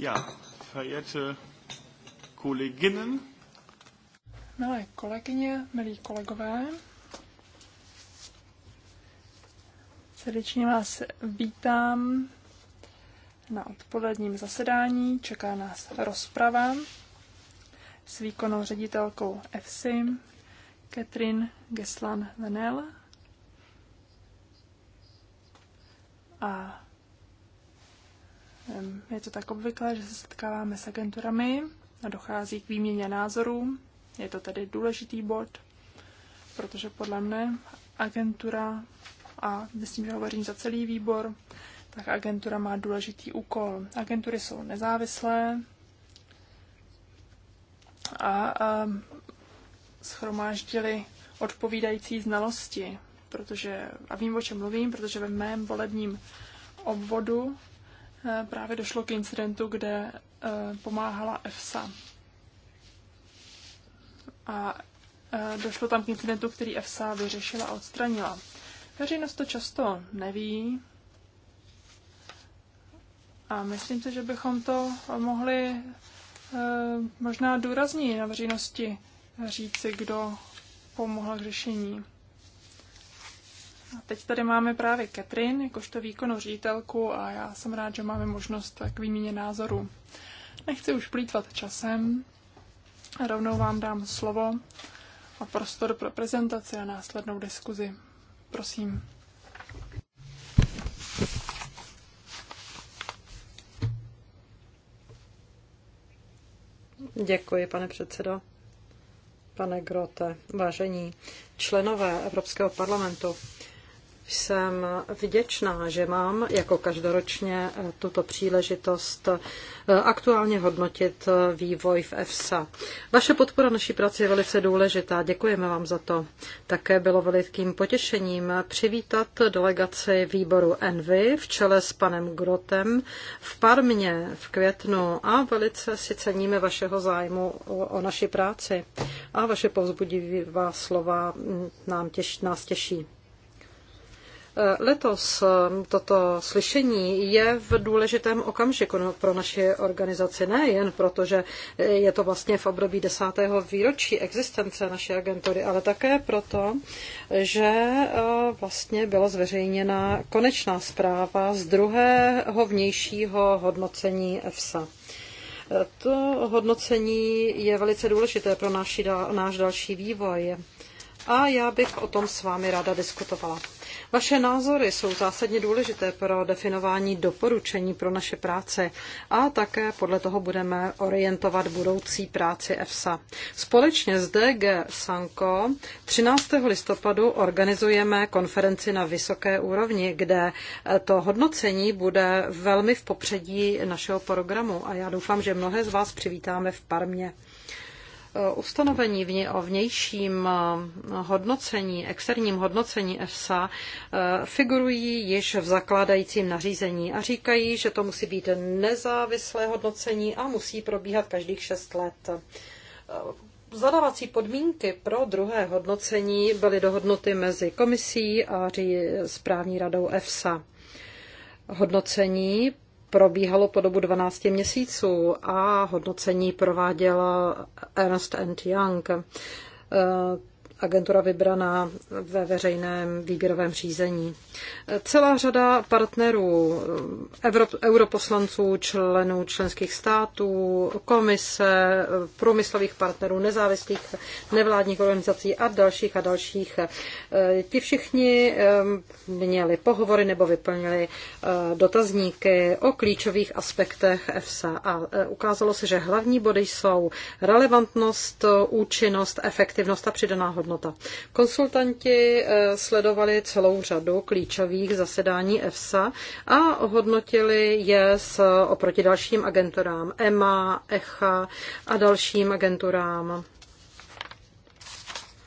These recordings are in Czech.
Ja, verehrte Kolleginnen. Milé kolegyně, milí kolegové, srdečně vás vítám na odpoledním zasedání. Čeká nás rozprava s výkonnou ředitelkou EFSI Katrin Geslan-Venel a je to tak obvyklé, že se setkáváme s agenturami a dochází k výměně názorů. Je to tedy důležitý bod, protože podle mne agentura, a myslím, že hovořím za celý výbor, tak agentura má důležitý úkol. Agentury jsou nezávislé a, a schromáždili odpovídající znalosti, protože, a vím, o čem mluvím, protože ve mém volebním obvodu Eh, právě došlo k incidentu, kde eh, pomáhala EFSA. A eh, došlo tam k incidentu, který EFSA vyřešila a odstranila. Veřejnost to často neví a myslím si, že bychom to mohli možná důrazněji na veřejnosti říci, kdo pomohl k řešení. A teď tady máme právě Katrin, jakožto výkonnou ředitelku a já jsem rád, že máme možnost tak výměně názorů. Nechci už plítvat časem, a rovnou vám dám slovo a prostor pro prezentaci a následnou diskuzi. Prosím. Děkuji, pane předsedo. Pane Grote, vážení členové Evropského parlamentu, jsem vděčná, že mám jako každoročně eh, tuto příležitost eh, aktuálně hodnotit eh, vývoj v EFSA. Vaše podpora naší práci je velice důležitá. Děkujeme vám za to. Také bylo velikým potěšením přivítat delegaci výboru Envy v čele s panem Grotem v Parmě v květnu a velice si ceníme vašeho zájmu o, o naši práci a vaše povzbudivá slova mm, nám těš, nás těší. Eh, letos eh, toto slyšení je v důležitém okamžiku no, pro naši organizaci, nejen proto, že eh, je to vlastně v období desátého výročí existence naší agentury, ale také proto, že vlastně byla zveřejněna konečná zpráva z druhého vnějšího hodnocení EFSA. To hodnocení je velice důležité pro náš, náš další vývoj a já bych o tom s vámi ráda diskutovala. Vaše názory jsou zásadně důležité pro definování doporučení pro naše práce a také podle toho budeme orientovat budoucí práci EFSA. Společně s DG Sanko 13. listopadu organizujeme konferenci na vysoké úrovni, kde to hodnocení bude velmi v popředí našeho programu a já doufám, že mnohé z vás přivítáme v Parmě. Eh, ustanovení o vnějším eh, hodnocení, externím hodnocení EFSA eh, figurují již v zakládajícím nařízení a říkají, že to musí být nezávislé hodnocení a musí probíhat každých šest let. Zadávací podmínky pro druhé hodnocení byly dohodnuty mezi komisí a správní radou EFSA. Hodnocení probíhalo po dobu 12 měsíců a hodnocení prováděla Ernst and Young agentura vybraná ve veřejném výběrovém řízení. Celá řada partnerů, Evrop, europoslanců, členů členských států, komise, průmyslových partnerů, nezávislých nevládních organizací a dalších a dalších. Ti všichni měli pohovory nebo vyplnili eh, dotazníky o klíčových aspektech EFSA a eh, ukázalo se, že hlavní body jsou relevantnost, účinnost, efektivnost a přidaná hodnota hodnota. Konsultanti eh, sledovali celou řadu klíčových zasedání EFSA a hodnotili je s, oproti dalším agenturám EMA, ECHA a dalším agenturám.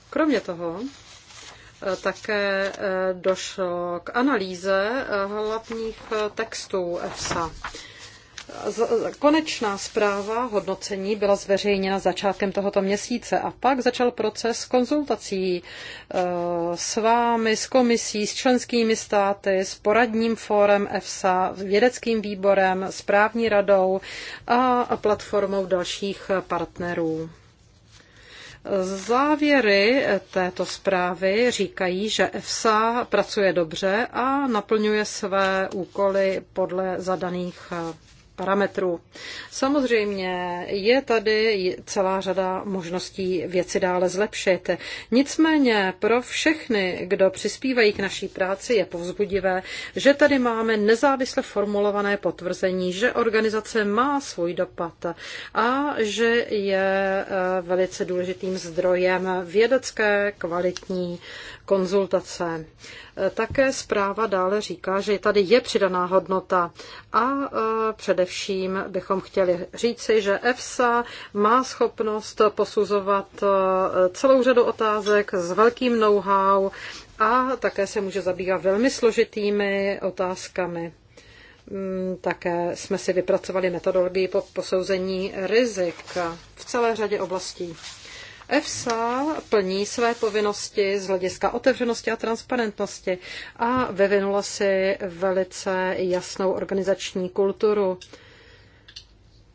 Kromě toho, eh, také eh, došlo k analýze hlavních textů EFSA. Konečná zpráva hodnocení byla zveřejněna začátkem tohoto měsíce a pak začal proces konzultací eh, s vámi, s komisí, s členskými státy, s poradním fórem EFSA, vědeckým výborem, správní radou a platformou dalších partnerů. Závěry této zprávy říkají, že EFSA pracuje dobře a naplňuje své úkoly podle zadaných parametrů. Samozřejmě je tady celá řada možností věci dále zlepšit. Nicméně pro všechny, kdo přispívají k naší práci, je povzbudivé, že tady máme nezávisle formulované potvrzení, že organizace má svůj dopad a že je eh, velice důležitým zdrojem vědecké kvalitní konzultace. E, také zpráva dále říká, že tady je přidaná hodnota a e, především bychom chtěli říci, že EFSA má schopnost posuzovat e, celou řadu otázek s velkým know-how a také se může zabývat velmi složitými otázkami. Mm, také jsme si vypracovali metodologii po posouzení rizik v celé řadě oblastí. EFSA plní své povinnosti z hlediska otevřenosti a transparentnosti a vyvinula si velice jasnou organizační kulturu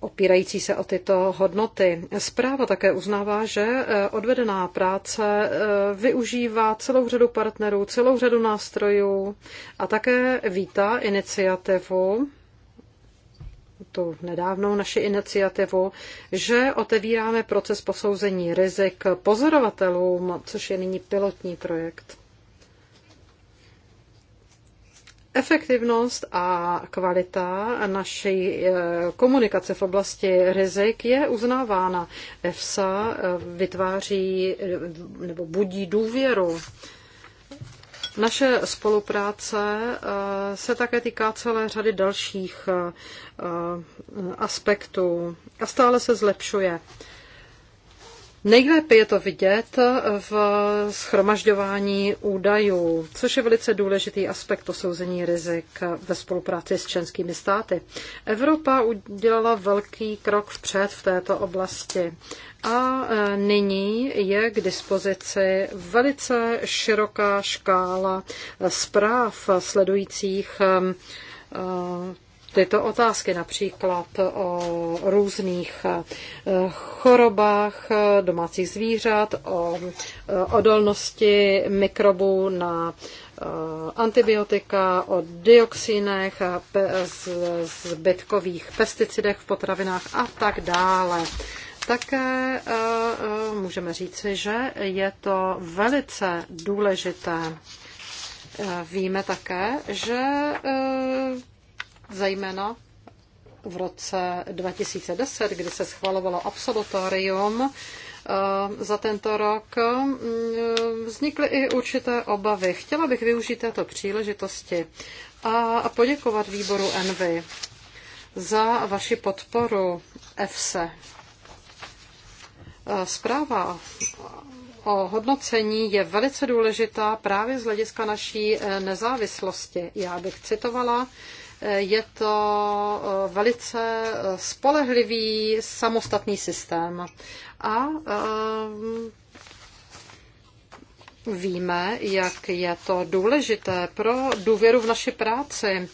opírající se o tyto hodnoty. Zpráva také uznává, že eh, odvedená práce eh, využívá celou řadu partnerů, celou řadu nástrojů a také vítá iniciativu tu nedávnou naši iniciativu, že otevíráme proces posouzení rizik pozorovatelům, což je nyní pilotní projekt. Efektivnost a kvalita naší eh, komunikace v oblasti rizik je uznávána. EFSA eh, vytváří eh, nebo budí důvěru naše spolupráce eh, se také týká celé řady dalších eh, eh, aspektů a stále se zlepšuje. Nejlépe je to vidět v schromažďování údajů, což je velice důležitý aspekt posouzení rizik ve spolupráci s členskými státy. Evropa udělala velký krok vpřed v této oblasti a e, nyní je k dispozici velice široká škála e, zpráv sledujících e, tyto otázky, například o různých eh, chorobách eh, domácích zvířat, o eh, odolnosti mikrobů na antibiotika, o dioxinech, zbytkových pesticidech v potravinách a tak dále. Také můžeme říci, že je to velice důležité. Víme také, že zejména v roce 2010, kdy se schvalovalo absolutorium eh, za tento rok, mm, vznikly i určité obavy. Chtěla bych využít této příležitosti a poděkovat výboru Envy za vaši podporu EFSE. Eh, zpráva o hodnocení je velice důležitá právě z hlediska naší eh, nezávislosti. Já bych citovala je to eh, velice eh, spolehlivý samostatný systém. A eh, víme, jak je to důležité pro důvěru v naši práci.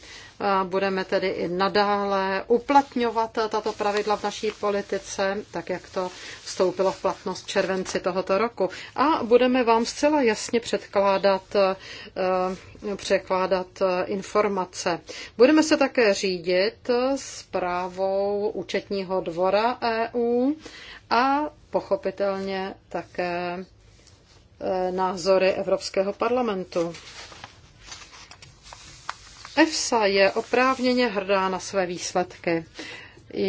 Budeme tedy i nadále uplatňovat tato pravidla v naší politice, tak jak to vstoupilo v platnost v červenci tohoto roku. A budeme vám zcela jasně předkládat, eh, překládat eh, informace. Budeme se také řídit eh, zprávou účetního dvora EU a pochopitelně také názory Evropského parlamentu. EFSA je oprávněně hrdá na své výsledky.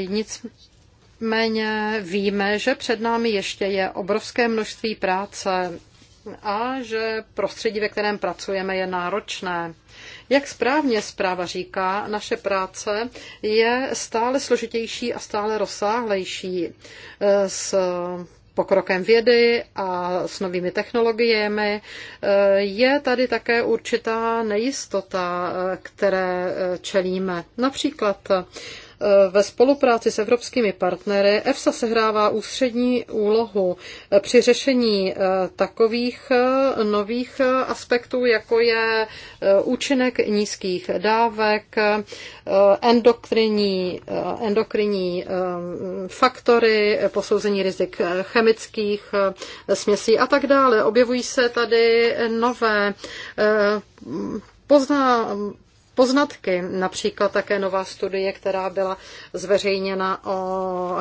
Nicméně víme, že před námi ještě je obrovské množství práce a že prostředí, ve kterém pracujeme, je náročné. Jak správně zpráva říká, naše práce je stále složitější a stále rozsáhlejší s pokrokem vědy a s novými technologiemi, eh, je tady také určitá nejistota, eh, které eh, čelíme. Například Eh, ve spolupráci s evropskými partnery EFSA sehrává ústřední úlohu eh, při řešení eh, takových nových aspektů, jako je účinek nízkých dávek, endokrinní, endokrinní faktory, posouzení rizik chemických směsí a tak dále. Objevují se tady nové pozná, poznatky, například také nová studie, která byla zveřejněna o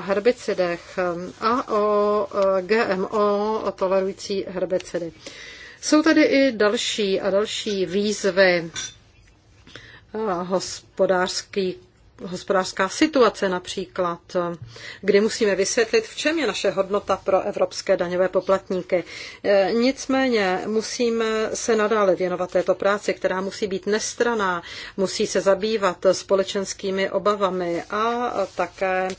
herbicidech a o e, GMO o tolerující herbicidy. Jsou tady i další a další výzvy e, hospodářský hospodářská situace například, kdy musíme vysvětlit, v čem je naše hodnota pro evropské daňové poplatníky. E, nicméně musíme se nadále věnovat této práci, která musí být nestraná, musí se zabývat společenskými obavami a také e,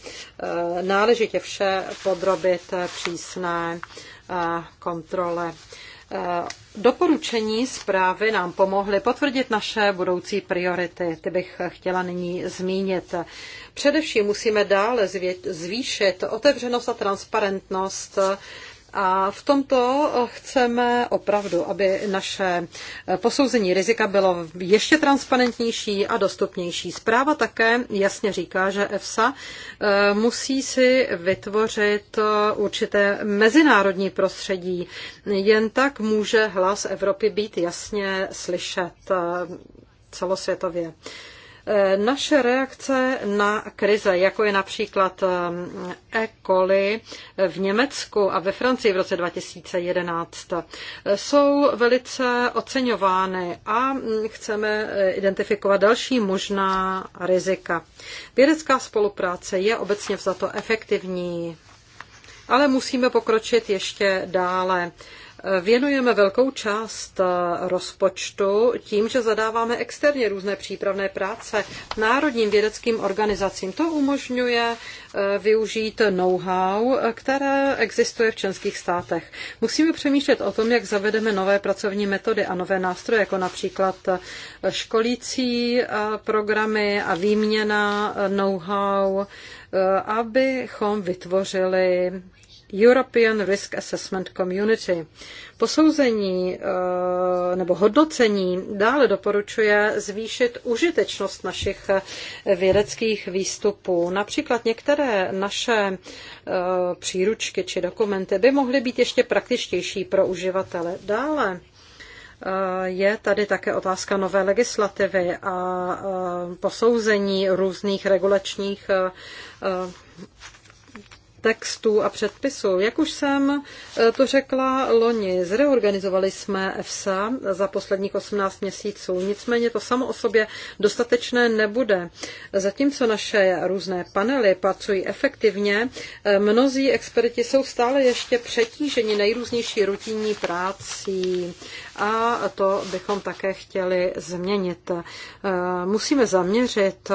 náležitě vše podrobit přísné e, kontrole. Eh, doporučení zprávy nám pomohly potvrdit naše budoucí priority. Ty bych chtěla nyní zmínit. Především musíme dále zvýšit otevřenost a transparentnost a v tomto chceme opravdu, aby naše posouzení rizika bylo ještě transparentnější a dostupnější. Zpráva také jasně říká, že EFSA e, musí si vytvořit určité mezinárodní prostředí. Jen tak může hlas Evropy být jasně slyšet e, celosvětově. Eh, naše reakce na krize, jako je například eh, E. coli v Německu a ve Francii v roce 2011, eh, jsou velice oceňovány a mm, chceme identifikovat další možná rizika. Vědecká spolupráce je obecně vzato efektivní, ale musíme pokročit ještě dále Věnujeme velkou část eh, rozpočtu tím, že zadáváme externě různé přípravné práce národním vědeckým organizacím. To umožňuje eh, využít know-how, eh, které existuje v členských státech. Musíme přemýšlet o tom, jak zavedeme nové pracovní metody a nové nástroje, jako například školící programy a výměna know-how, abychom vytvořili European Risk Assessment Community. Posouzení eh, nebo hodnocení dále doporučuje zvýšit užitečnost našich eh, vědeckých výstupů. Například některé naše eh, příručky či dokumenty by mohly být ještě praktičtější pro uživatele. Dále je tady také otázka nové legislativy a posouzení různých regulačních textů a předpisů. Jak už jsem eh, to řekla loni, zreorganizovali jsme EFSA za posledních 18 měsíců, nicméně to samo o sobě dostatečné nebude. Zatímco naše různé panely pracují efektivně, eh, mnozí experti jsou stále ještě přetíženi nejrůznější rutinní prácí a to bychom také chtěli změnit. Eh, musíme zaměřit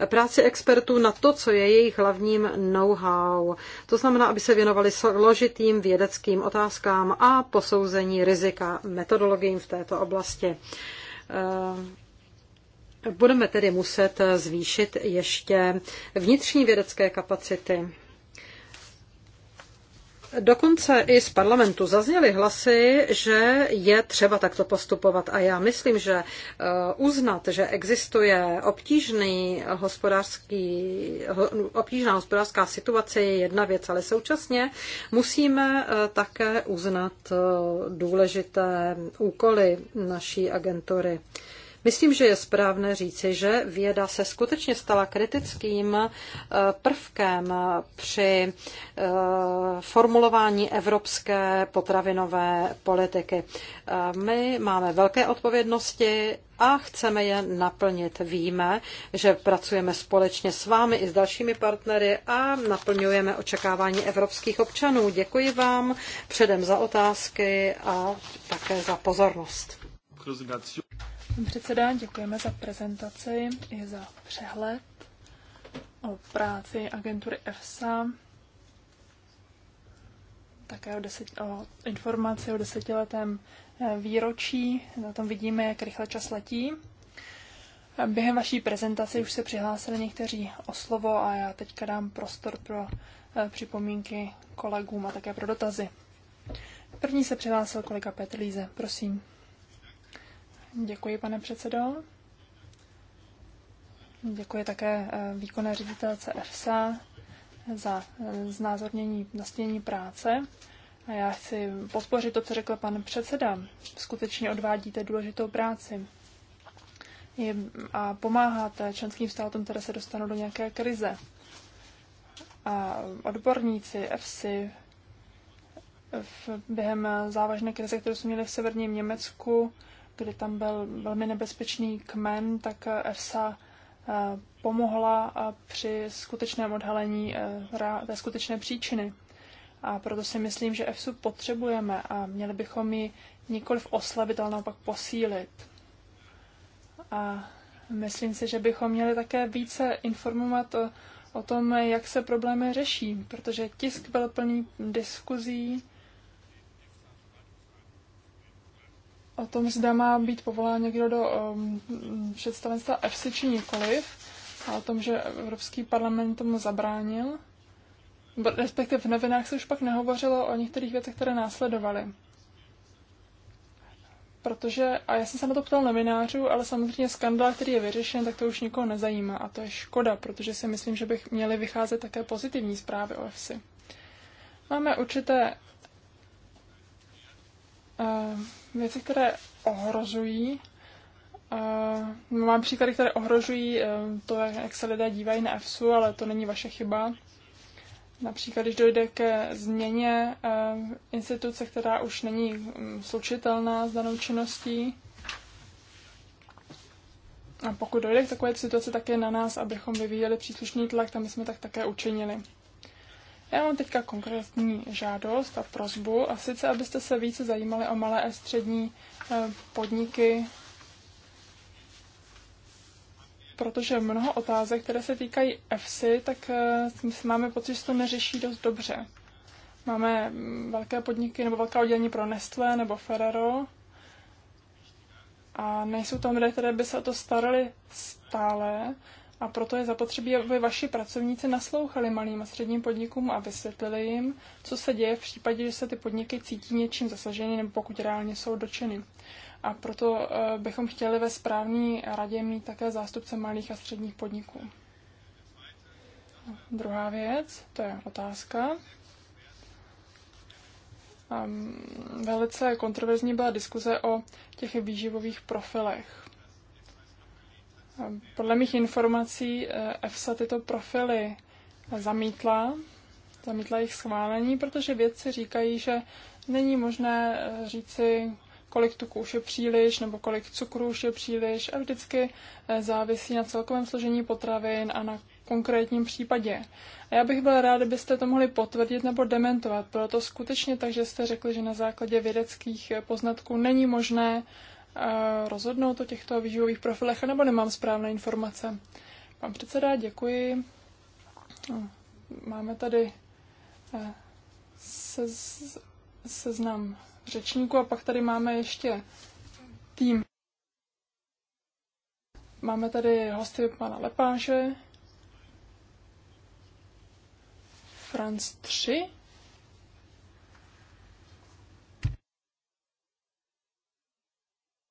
eh, práci expertů na to, co je jejich hlavním know-how. To znamená, aby se věnovali složitým vědeckým otázkám a posouzení rizika metodologiím v této oblasti. Eh, budeme tedy muset zvýšit ještě vnitřní vědecké kapacity. Dokonce i z parlamentu zazněly hlasy, že je třeba takto postupovat. A já myslím, že eh, uznat, že existuje obtížný hospodářský, obtížná hospodářská situace je jedna věc, ale současně musíme eh, také uznat eh, důležité úkoly naší agentury. Myslím, že je správné říci, že věda se skutečně stala kritickým eh, prvkem při eh, formulování evropské potravinové politiky. Eh, my máme velké odpovědnosti a chceme je naplnit. Víme, že pracujeme společně s vámi i s dalšími partnery a naplňujeme očekávání evropských občanů. Děkuji vám předem za otázky a také za pozornost. Předseda, děkujeme za prezentaci i za přehled o práci agentury EFSA, také o, deset, o informaci o desetiletém eh, výročí. Na tom vidíme, jak rychle čas letí. Během vaší prezentace už se přihlásili někteří o slovo a já teďka dám prostor pro eh, připomínky kolegům a také pro dotazy. První se přihlásil kolega Petr Líze, prosím. Děkuji, pane předsedo. Děkuji také eh, výkonné ředitelce EFSA za eh, znázornění, nastěnění práce. A já chci podpořit to, co řekl pan předseda. Skutečně odvádíte důležitou práci a pomáháte členským státům, které se dostanou do nějaké krize. A odborníci EFSI v, během závažné krize, kterou jsme měli v severním Německu, kdy tam byl velmi nebezpečný kmen, tak EFSA eh, eh, pomohla eh, při skutečném odhalení té skutečné příčiny. A proto si myslím, že EFSU potřebujeme a měli bychom ji nikoliv oslabit, ale naopak posílit. A myslím si, že bychom měli také více informovat o, o tom, jak se problémy řeší, protože tisk byl plný diskuzí o tom, zda má být povolán někdo do um, představenstva FC či nikoliv, a o tom, že Evropský parlament tomu zabránil. Respektive v novinách se už pak nehovořilo o některých věcech, které následovaly. Protože, a já jsem se na to ptal novinářů, ale samozřejmě skandál, který je vyřešen, tak to už nikoho nezajímá. A to je škoda, protože si myslím, že bych měly vycházet také pozitivní zprávy o FC. Máme určité uh, věci, které ohrožují. Uh, mám příklady, které ohrožují uh, to, jak se lidé dívají na EFSU, ale to není vaše chyba. Například, když dojde ke změně uh, instituce, která už není um, slučitelná s danou činností. A pokud dojde k takové situaci, tak je na nás, abychom vyvíjeli příslušný tlak, tam jsme tak také učinili. Já mám teďka konkrétní žádost a prozbu, a sice, abyste se více zajímali o malé a střední eh, podniky, protože mnoho otázek, které se týkají EFSI, tak eh, máme pocit, že to neřeší dost dobře. Máme mm, velké podniky nebo velká oddělení pro Nestlé nebo Ferrero a nejsou tam lidé, které by se o to starali stále a proto je zapotřebí, aby vaši pracovníci naslouchali malým a středním podnikům a vysvětlili jim, co se děje v případě, že se ty podniky cítí něčím zasaženy nebo pokud reálně jsou dočeny. A proto eh, bychom chtěli ve správní radě mít také zástupce malých a středních podniků. Druhá věc, to je otázka. Ehm, velice kontroverzní byla diskuze o těch výživových profilech. Podle mých informací eh, EFSA tyto profily zamítla, zamítla jejich schválení, protože vědci říkají, že není možné eh, říci, kolik tuku už je příliš, nebo kolik cukru už je příliš a vždycky eh, závisí na celkovém složení potravin a na konkrétním případě. A já bych byla ráda, kdybyste to mohli potvrdit nebo dementovat. Bylo to skutečně tak, že jste řekli, že na základě vědeckých poznatků není možné rozhodnout o těchto výživových profilech, nebo nemám správné informace. Pan předseda, děkuji. No, máme tady eh, se, seznam řečníků a pak tady máme ještě tým. Máme tady hosty pana Lepáše, Franc 3,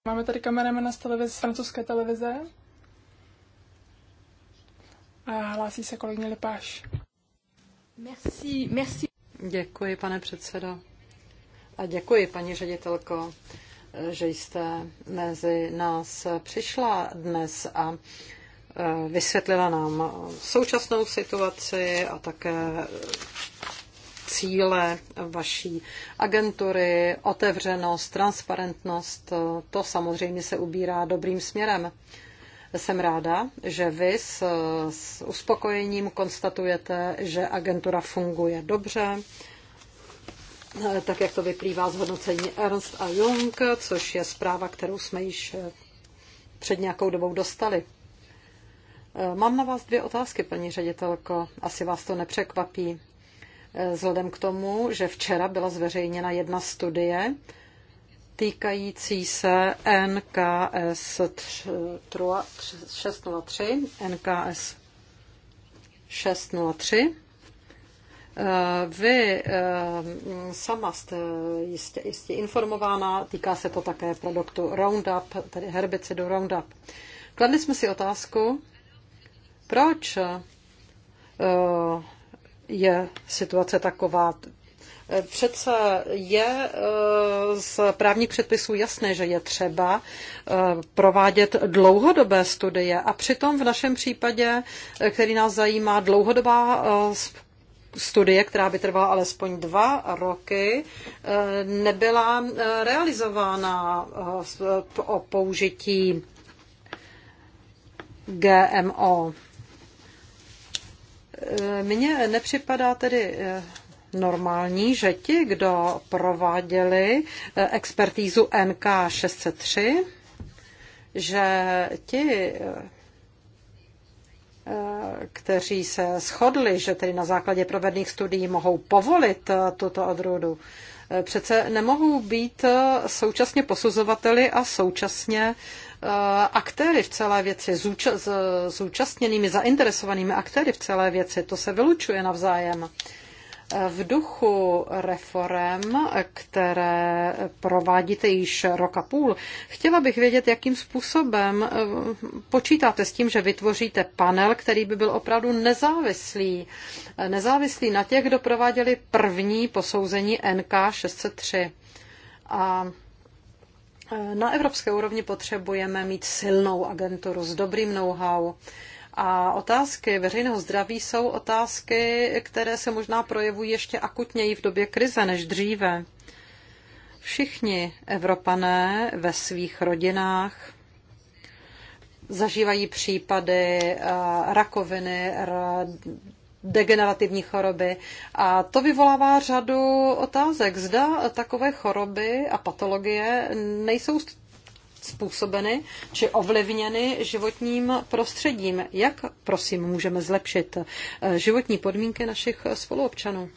Máme tady kameramana z, televize, z francouzské televize. A hlásí se kolegyně Lipáš. Merci, merci. Děkuji, pane předsedo. A děkuji, paní ředitelko, že jste mezi nás přišla dnes a e, vysvětlila nám současnou situaci a také cíle vaší agentury, otevřenost, transparentnost, to samozřejmě se ubírá dobrým směrem. Jsem ráda, že vy s, s uspokojením konstatujete, že agentura funguje dobře, tak jak to vyplývá z hodnocení Ernst a Jung, což je zpráva, kterou jsme již eh, před nějakou dobou dostali. Eh, mám na vás dvě otázky, paní ředitelko. Asi vás to nepřekvapí. Eh, vzhledem k tomu, že včera byla zveřejněna jedna studie týkající se NKS 603, NKS 603. Vy eh, sama jste jistě, jistě informována, týká se to také produktu Roundup, tedy herbicidu Roundup. Kladli jsme si otázku, proč eh, je situace taková. Přece je eh, z právních předpisů jasné, že je třeba eh, provádět dlouhodobé studie a přitom v našem případě, eh, který nás zajímá, dlouhodobá studie, která by trvala alespoň dva roky, nebyla realizována o použití GMO. Eh, mně nepřipadá tedy eh, normální, že ti, kdo prováděli eh, expertízu NK 603, že ti, kteří se shodli, že tedy na základě provedných studií mohou povolit tuto odrůdu, přece nemohou být současně posuzovateli a současně Eh, aktéry v celé věci, zúčastněnými, zainteresovanými aktéry v celé věci. To se vylučuje navzájem. Eh, v duchu reform, které provádíte již rok a půl, chtěla bych vědět, jakým způsobem eh, počítáte s tím, že vytvoříte panel, který by byl opravdu nezávislý. Nezávislý na těch, kdo prováděli první posouzení NK 603. A na evropské úrovni potřebujeme mít silnou agenturu s dobrým know-how. A otázky veřejného zdraví jsou otázky, které se možná projevují ještě akutněji v době krize než dříve. Všichni Evropané ve svých rodinách zažívají případy eh, rakoviny, degenerativní choroby. A to vyvolává řadu otázek. Zda takové choroby a patologie nejsou způsobeny či ovlivněny životním prostředím. Jak, prosím, můžeme zlepšit eh, životní podmínky našich spoluobčanů?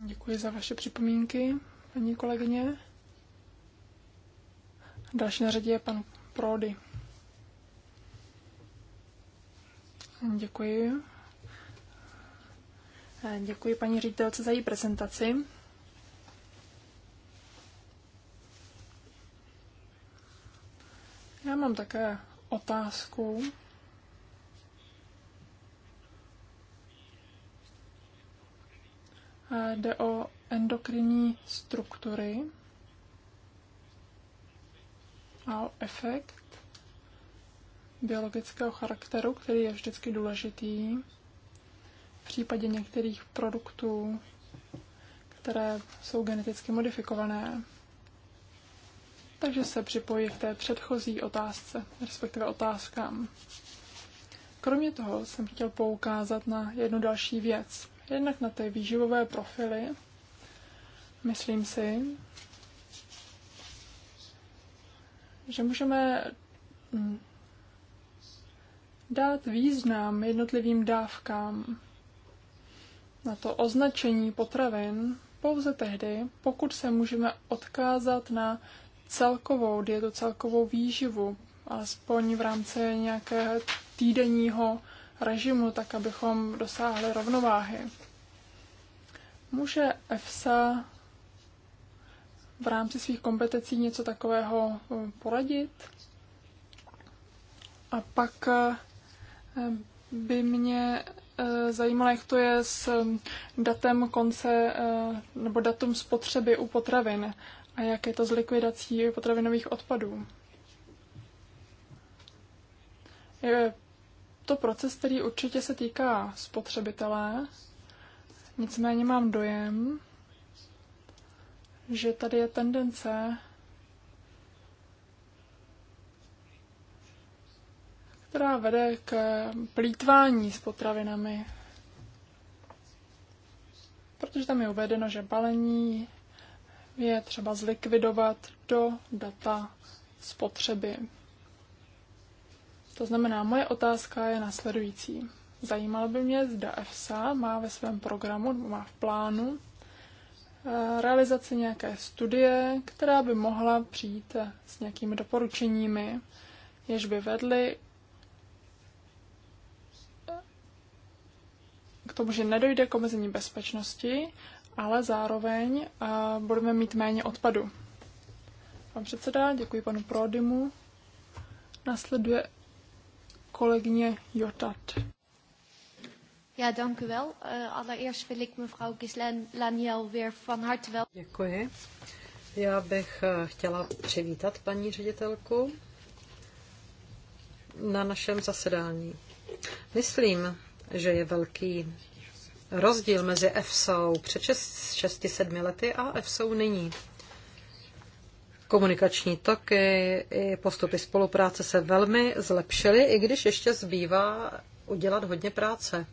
Děkuji za vaše připomínky, paní kolegyně. Další na řadě je pan Prody. Děkuji. Eh, děkuji paní ředitelce za její prezentaci. Já mám také otázku. Eh, jde o endokrinní struktury a o efekt biologického charakteru, který je vždycky důležitý. V případě některých produktů, které jsou geneticky modifikované. Takže se připojí k té předchozí otázce, respektive otázkám. Kromě toho jsem chtěl poukázat na jednu další věc. Jednak na ty výživové profily. Myslím si, že můžeme dát význam jednotlivým dávkám na to označení potravin pouze tehdy, pokud se můžeme odkázat na celkovou dietu, celkovou výživu, alespoň v rámci nějakého týdenního režimu, tak abychom dosáhli rovnováhy. Může EFSA v rámci svých kompetencí něco takového poradit? A pak by mě eh, zajímalo, jak to je s mm, datem konce eh, nebo datum spotřeby u potravin a jak je to s likvidací potravinových odpadů. Je to proces, který určitě se týká spotřebitele, nicméně mám dojem, že tady je tendence která vede k plítvání s potravinami. Protože tam je uvedeno, že balení je třeba zlikvidovat do data spotřeby. To znamená, moje otázka je následující. Zajímalo by mě, zda EFSA má ve svém programu, má v plánu eh, realizaci nějaké studie, která by mohla přijít s nějakými doporučeními, jež by vedly tomu, že nedojde k omezení bezpečnosti, ale zároveň eh, budeme mít méně odpadu. Pan předseda, děkuji panu Prodymu. Nasleduje kolegyně Jotat. Ja, dank u wel. Uh, allereerst wil ik mevrouw Gislen Laniel weer van harte wel. Děkuji. Já bych eh, chtěla přivítat paní ředitelku na našem zasedání. Myslím, že je velký rozdíl mezi EFSOU před 6-7 lety a EFSOU nyní. Komunikační toky i postupy spolupráce se velmi zlepšily, i když ještě zbývá udělat hodně práce.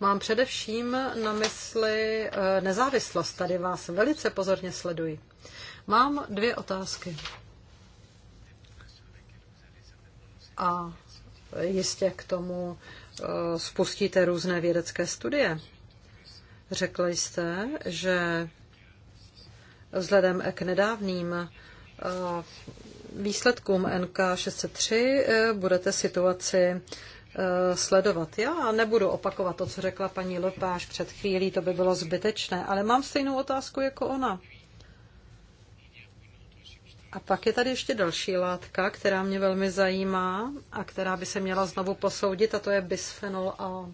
Mám především na mysli eh, nezávislost. Tady vás velice pozorně sleduji. Mám dvě otázky. A jistě k tomu Eh, spustíte různé vědecké studie. Řekl jste, že vzhledem k nedávným eh, výsledkům NK603 eh, budete situaci sledovat. Já nebudu opakovat to, co řekla paní Lopáš před chvílí, to by bylo zbytečné, ale mám stejnou otázku jako ona. A pak je tady ještě další látka, která mě velmi zajímá a která by se měla znovu posoudit, a to je bisphenol A.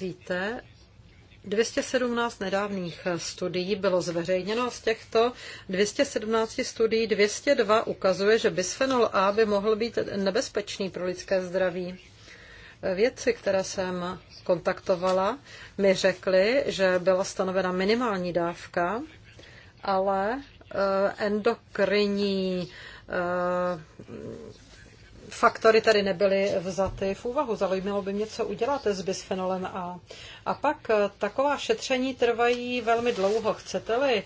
Víte, 217 nedávných studií bylo zveřejněno z těchto 217 studií 202 ukazuje, že bisphenol A by mohl být nebezpečný pro lidské zdraví. Vědci, které jsem kontaktovala, mi řekli, že byla stanovena minimální dávka ale eh, endokrinní eh, faktory tady nebyly vzaty v úvahu. Zajímalo by mě, co uděláte s bisfenolem A. A pak eh, taková šetření trvají velmi dlouho. Chcete-li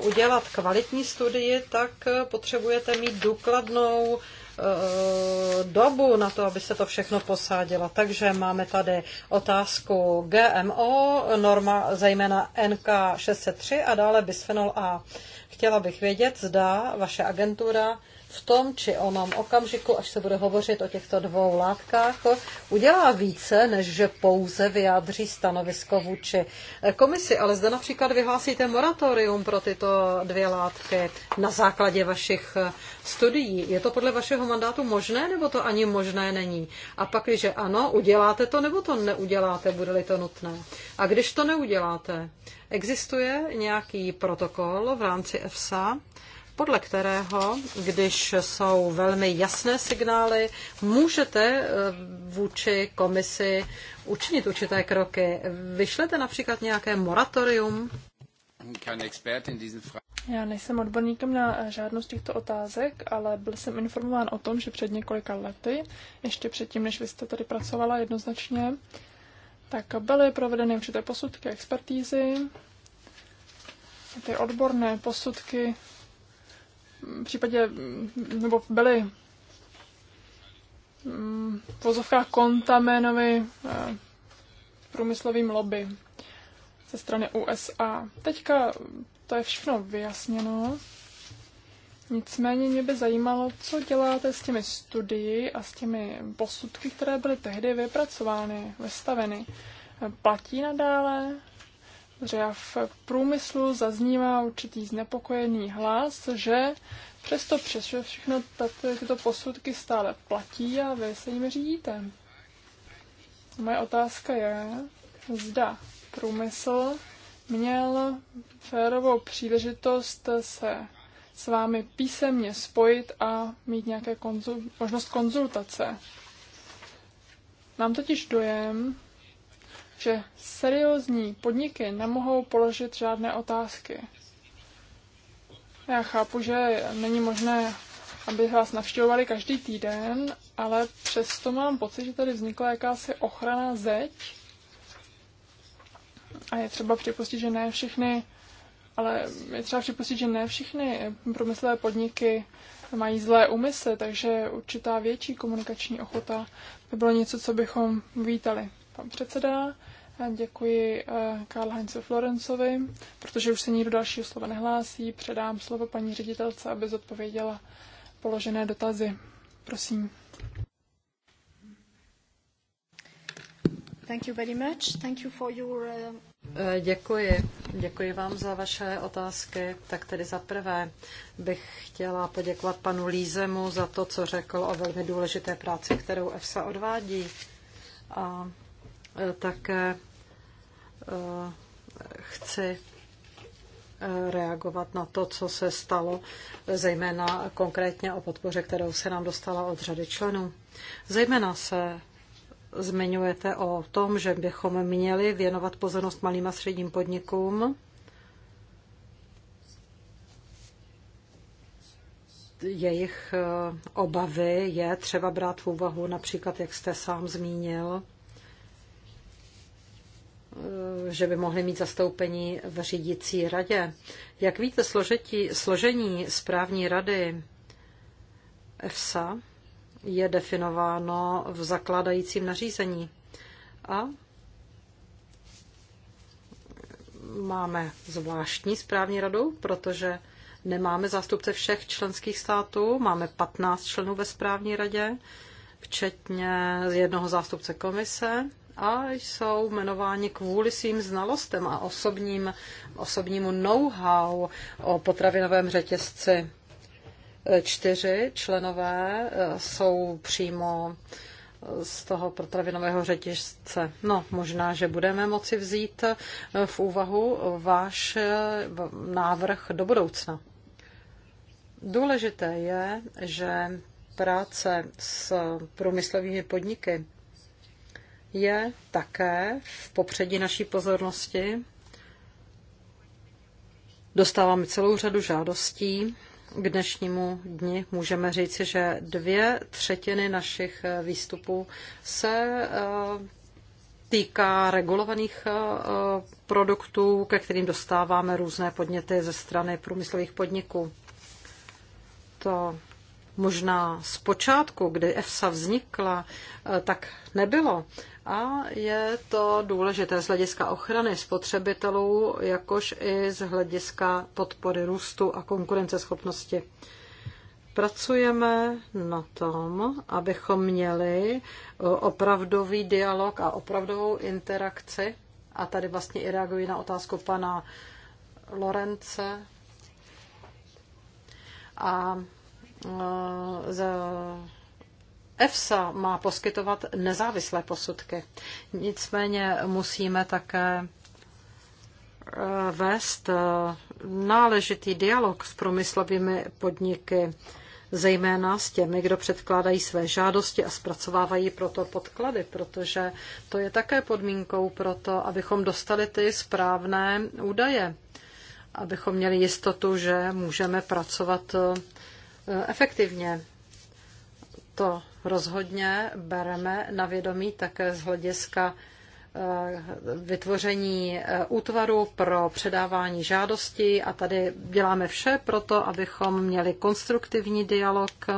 udělat kvalitní studii, tak potřebujete mít důkladnou Eh, dobu na to, aby se to všechno posádilo. Takže máme tady otázku GMO, norma zejména NK603 a dále bisphenol A. Chtěla bych vědět, zda vaše agentura v tom či onom okamžiku, až se bude hovořit o těchto dvou látkách, udělá více, než že pouze vyjádří stanovisko vůči komisi. Ale zde například vyhlásíte moratorium pro tyto dvě látky na základě vašich studií. Je to podle vašeho mandátu možné, nebo to ani možné není? A pak, když ano, uděláte to, nebo to neuděláte, bude-li to nutné. A když to neuděláte, existuje nějaký protokol v rámci EFSA, podle kterého, když jsou velmi jasné signály, můžete eh, vůči komisi učinit určité kroky. Vyšlete například nějaké moratorium? Já nejsem odborníkem na žádnou z těchto otázek, ale byl jsem informován o tom, že před několika lety, ještě předtím, než vy jste tady pracovala jednoznačně, tak byly provedeny určité posudky, expertízy. Ty odborné posudky v případě, nebo byly mm, v vozovkách v eh, průmyslovým lobby ze strany USA. Teďka to je všechno vyjasněno. Nicméně mě by zajímalo, co děláte s těmi studii a s těmi posudky, které byly tehdy vypracovány, vystaveny. Platí nadále? že v průmyslu zaznívá určitý znepokojený hlas, že přesto přes všechno tyto posudky stále platí a vy se jimi řídíte. Moje otázka je, zda průmysl měl férovou příležitost se s vámi písemně spojit a mít nějaké konzul- možnost konzultace. Mám totiž dojem, že seriózní podniky nemohou položit žádné otázky. Já chápu, že není možné, aby vás navštěvovali každý týden, ale přesto mám pocit, že tady vznikla jakási ochrana zeď. A je třeba připustit, že ne všechny, ale je třeba připustit, že ne všechny průmyslové podniky mají zlé úmysly, takže určitá větší komunikační ochota by bylo něco, co bychom vítali pan předseda. Děkuji eh, Karl Heinze Florencovi, protože už se nikdo dalšího slova nehlásí. Předám slovo paní ředitelce, aby zodpověděla položené dotazy. Prosím. Thank you very much. Thank you for your, uh... Děkuji. Děkuji vám za vaše otázky. Tak tedy za prvé bych chtěla poděkovat panu Lízemu za to, co řekl o velmi důležité práci, kterou EFSA odvádí. A Eh, také eh, chci eh, reagovat na to, co se stalo, zejména konkrétně o podpoře, kterou se nám dostala od řady členů. Zejména se zmiňujete o tom, že bychom měli věnovat pozornost malým a středním podnikům. Jejich obavy je třeba brát v úvahu, například, jak jste sám zmínil, Eh, že by mohly mít zastoupení v řídící radě. Jak víte, složetí, složení správní rady EFSA je definováno v zakládajícím nařízení. A máme zvláštní správní radu, protože nemáme zástupce všech členských států, máme 15 členů ve správní radě, včetně jednoho zástupce komise a jsou jmenováni kvůli svým znalostem a osobním, osobnímu know-how o potravinovém řetězci. Čtyři členové e, jsou přímo z toho potravinového řetězce. No, možná, že budeme moci vzít e, v úvahu váš e, návrh do budoucna. Důležité je, že práce s průmyslovými podniky je také v popředí naší pozornosti. Dostáváme celou řadu žádostí. K dnešnímu dni můžeme říci, že dvě třetiny našich eh, výstupů se eh, týká regulovaných eh, produktů, ke kterým dostáváme různé podněty ze strany průmyslových podniků. To možná z počátku, kdy EFSA vznikla, tak nebylo. A je to důležité z hlediska ochrany spotřebitelů, jakož i z hlediska podpory růstu a konkurenceschopnosti. Pracujeme na tom, abychom měli opravdový dialog a opravdovou interakci. A tady vlastně i reaguji na otázku pana Lorence. A e, za EFSA má poskytovat nezávislé posudky. Nicméně musíme také eh, vést eh, náležitý dialog s průmyslovými podniky, zejména s těmi, kdo předkládají své žádosti a zpracovávají proto podklady, protože to je také podmínkou pro to, abychom dostali ty správné údaje, abychom měli jistotu, že můžeme pracovat eh, efektivně. To rozhodně bereme na vědomí také z hlediska eh, vytvoření eh, útvaru pro předávání žádostí a tady děláme vše pro to, abychom měli konstruktivní dialog eh,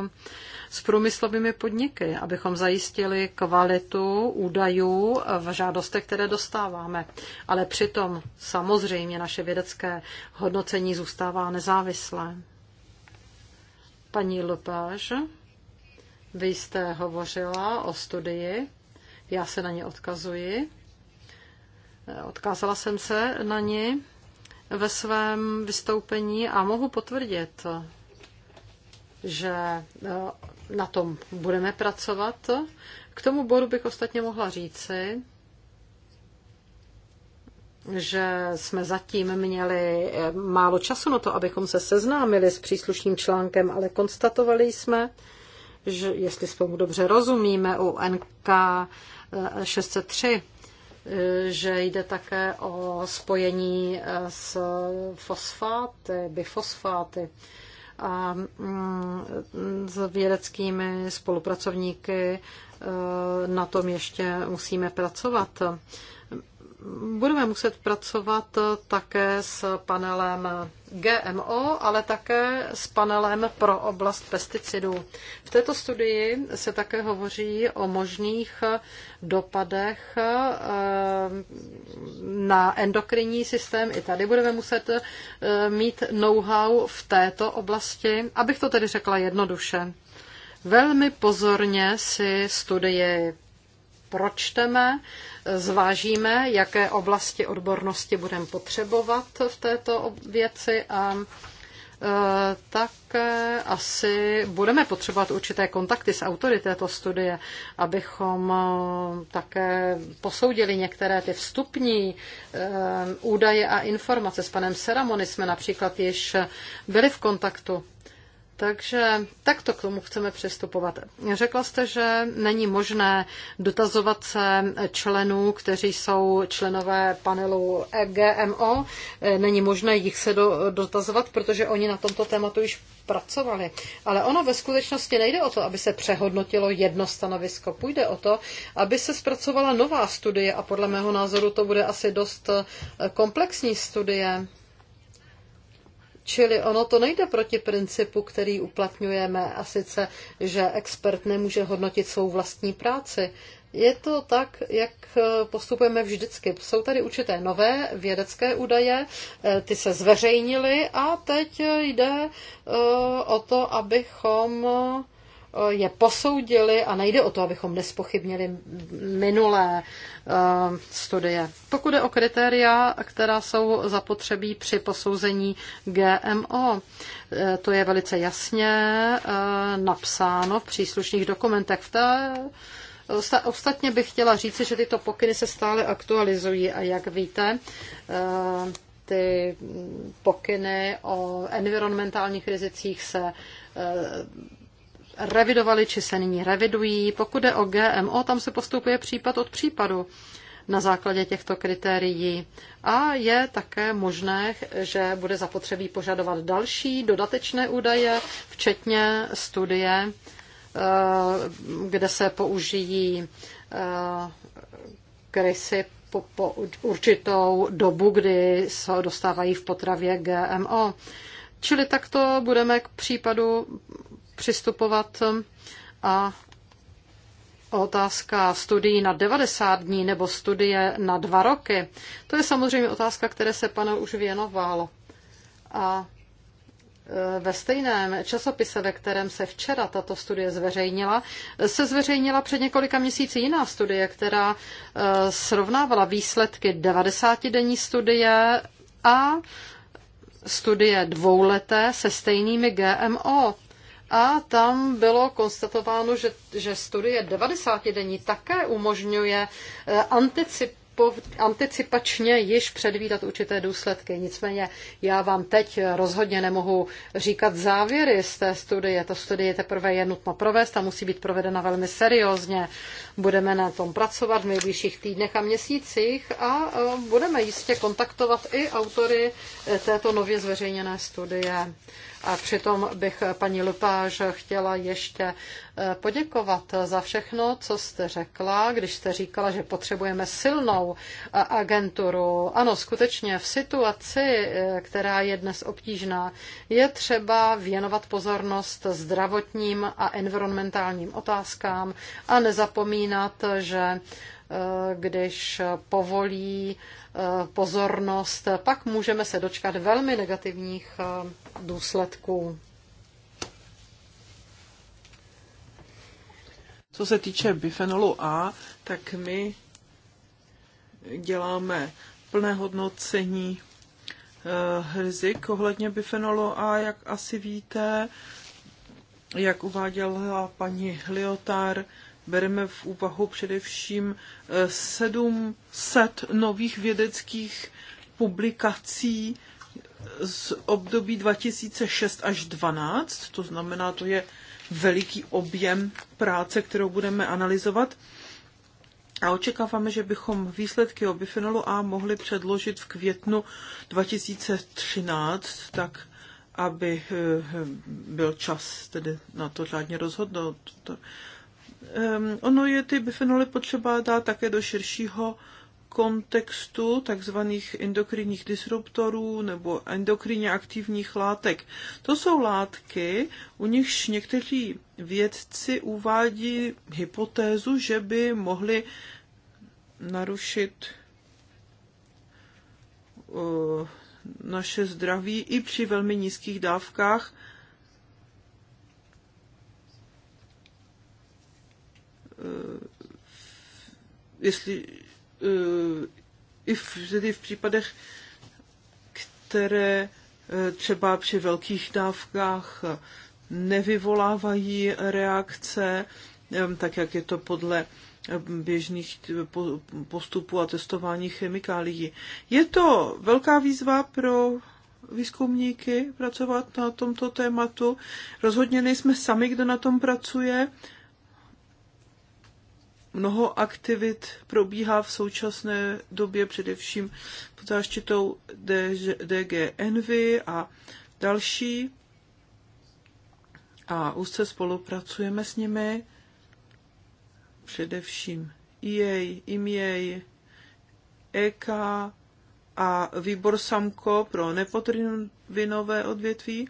s průmyslovými podniky, abychom zajistili kvalitu údajů v žádostech, které dostáváme. Ale přitom samozřejmě naše vědecké hodnocení zůstává nezávislé. Paní Lepage. Vy jste hovořila o studii, já se na ně odkazuji. Odkázala jsem se na ně ve svém vystoupení a mohu potvrdit, že eh, na tom budeme pracovat. K tomu bodu bych ostatně mohla říci, že jsme zatím měli eh, málo času na to, abychom se seznámili s příslušným článkem, ale konstatovali jsme, že jestli spolu dobře rozumíme, u NK 603, eh, eh, že jde také o spojení eh, s fosfáty, bifosfáty a mm, s vědeckými spolupracovníky na tom ještě musíme pracovat budeme muset pracovat eh, také s panelem GMO, ale také s panelem pro oblast pesticidů. V této studii se také hovoří o možných eh, dopadech eh, na endokrinní systém. I tady budeme muset mít know-how v této oblasti, abych to tedy řekla jednoduše. Velmi pozorně si studii pročteme, zvážíme, jaké oblasti odbornosti budeme potřebovat v této věci a e, tak asi budeme potřebovat určité kontakty s autory této studie, abychom e, také posoudili některé ty vstupní e, údaje a informace. S panem Seramony jsme například již byli v kontaktu takže takto k tomu chceme přistupovat. Řekla jste, že není možné dotazovat se členů, kteří jsou členové panelu GMO. Není možné jich se do, dotazovat, protože oni na tomto tématu již pracovali. Ale ono ve skutečnosti nejde o to, aby se přehodnotilo jedno stanovisko. Půjde o to, aby se zpracovala nová studie a podle mého názoru to bude asi dost eh, komplexní studie Čili ono to nejde proti principu, který uplatňujeme, a sice, že expert nemůže hodnotit svou vlastní práci. Je to tak, jak eh, postupujeme vždycky. Jsou tady určité nové vědecké údaje, eh, ty se zveřejnily a teď eh, jde o to, abychom Eh, je posoudili a nejde o to, abychom nespochybnili minulé eh, studie. Pokud je o kritéria, která jsou zapotřebí při posouzení GMO, eh, to je velice jasně napsáno v příslušných dokumentech. V té Ostatně bych chtěla říci, že tyto pokyny se stále aktualizují a jak víte, ty pokyny o environmentálních rizicích se revidovaly, či se nyní revidují. Pokud je o GMO, tam se postupuje případ od případu na základě těchto kritérií. A je také možné, že bude zapotřebí požadovat další dodatečné údaje, včetně studie, eh, kde se použijí eh, krysy po, po určitou dobu, kdy se dostávají v potravě GMO. Čili takto budeme k případu přistupovat um, a Otázka studií na 90 dní nebo studie na dva roky, to je samozřejmě otázka, které se panel už věnoval. A e, ve stejném časopise, ve kterém se včera tato studie zveřejnila, se zveřejnila před několika měsíci jiná studie, která e, srovnávala výsledky 90-denní studie a studie dvouleté se stejnými GMO a tam bylo konstatováno, že, že studie 90 denní také umožňuje eh, anticipovat anticipačně již předvídat určité důsledky. Nicméně já vám teď rozhodně nemohu říkat závěry z té studie. Ta studie teprve je nutno provést a musí být provedena velmi seriózně. Budeme na tom pracovat v nejbližších týdnech a měsících a e, budeme jistě kontaktovat i autory e, této nově zveřejněné studie. A přitom bych e, paní Lupáž chtěla ještě poděkovat za všechno, co jste řekla, když jste říkala, že potřebujeme silnou agenturu. Ano, skutečně v situaci, která je dnes obtížná, je třeba věnovat pozornost zdravotním a environmentálním otázkám a nezapomínat připomínat, že eh, když povolí eh, pozornost, pak můžeme se dočkat velmi negativních eh, důsledků. Co se týče bifenolu A, tak my děláme plné hodnocení rizik ohledně bifenolu A, jak asi víte, jak uváděla paní Liotar, bereme v úvahu především 700 eh, nových vědeckých publikací z období 2006 až 2012, to znamená, to je veliký objem práce, kterou budeme analyzovat. A očekáváme, že bychom výsledky o bifenolu A mohli předložit v květnu 2013, tak aby eh, byl čas tedy na to řádně rozhodnout. Um, ono je ty bifenoly potřeba dát také do širšího kontextu takzvaných endokrinních disruptorů nebo endokrinně aktivních látek. To jsou látky, u nichž někteří vědci uvádí hypotézu, že by mohly narušit eh, naše zdraví i při velmi nízkých dávkách Eh, jestli eh, i v, tedy v případech, které eh, třeba při velkých dávkách nevyvolávají reakce, tak jak je to podle běžných postupů a testování chemikálií. Je to velká výzva pro výzkumníky pracovat na tomto tématu. Rozhodně nejsme sami, kdo na tom pracuje. Mnoho aktivit probíhá v současné době především pod záštitou DG Envy a další a úzce spolupracujeme s nimi, především EA, IMEA, EK e a výbor SAMKO pro nepotrvinové odvětví.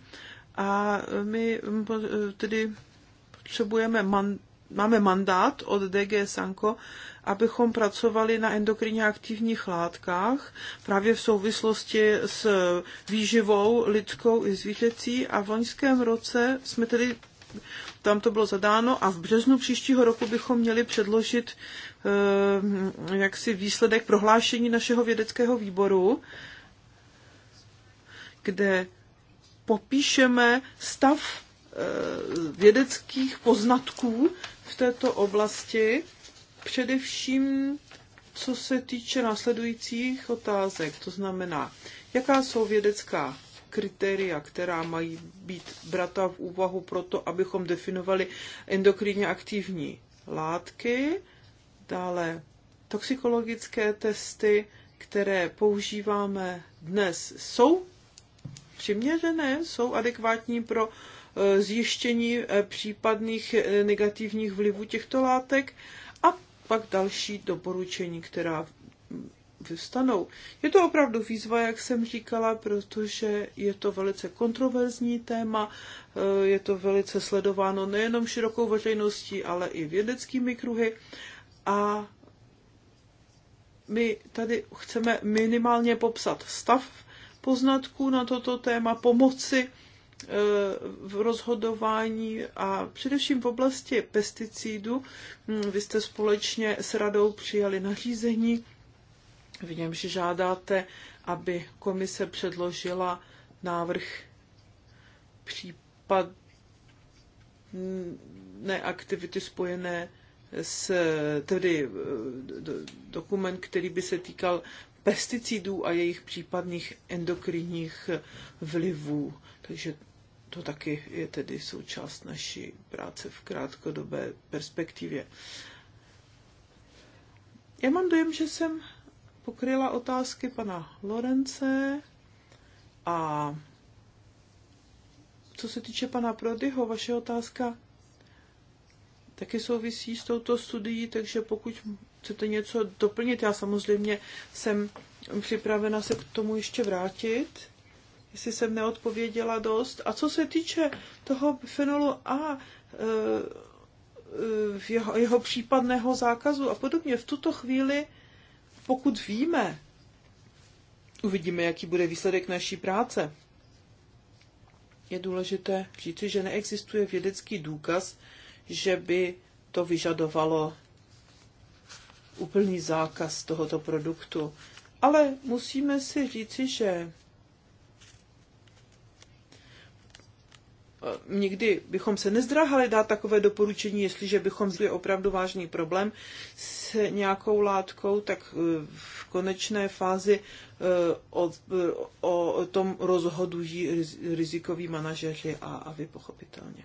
A my tedy potřebujeme man, máme mandát od DG Sanko, abychom pracovali na endokrinně aktivních látkách právě v souvislosti s výživou lidskou i zvířecí a v loňském roce jsme tedy tam to bylo zadáno a v březnu příštího roku bychom měli předložit eh, jaksi výsledek prohlášení našeho vědeckého výboru, kde popíšeme stav eh, vědeckých poznatků v této oblasti, především co se týče následujících otázek, to znamená, jaká jsou vědecká kritéria, která mají být brata v úvahu pro to, abychom definovali endokrinně aktivní látky, dále toxikologické testy, které používáme dnes, jsou přiměřené, jsou adekvátní pro Eh, zjištění eh, případných eh, negativních vlivů těchto látek a pak další doporučení, která vystanou. Je to opravdu výzva, jak jsem říkala, protože je to velice kontroverzní téma, je to velice sledováno nejenom širokou veřejností, ale i vědeckými kruhy a my tady chceme minimálně popsat stav poznatků na toto téma, pomoci Eh, v rozhodování a především v oblasti pesticidů. Hm, vy jste společně s radou přijali nařízení, v němž žádáte, aby komise předložila návrh případné aktivity spojené s, tedy eh, dokument, který by se týkal pesticidů a jejich případných endokrinních vlivů. Takže to taky je tedy součást naší práce v krátkodobé perspektivě. Já mám dojem, že jsem pokryla otázky pana Lorence a co se týče pana Prodyho, vaše otázka taky souvisí s touto studií, takže pokud chcete něco doplnit, já samozřejmě jsem připravena se k tomu ještě vrátit jestli jsem neodpověděla dost. A co se týče toho fenolu A, e, e, jeho, jeho případného zákazu a podobně, v tuto chvíli, pokud víme, uvidíme, jaký bude výsledek naší práce. Je důležité říci, že neexistuje vědecký důkaz, že by to vyžadovalo úplný zákaz tohoto produktu. Ale musíme si říci, že Eh, nikdy bychom se nezdráhali dát takové doporučení, jestliže bychom zjistili opravdu vážný problém s nějakou látkou, tak eh, v konečné fázi eh, o, o tom rozhodují rizikoví manažeři a, a vy pochopitelně.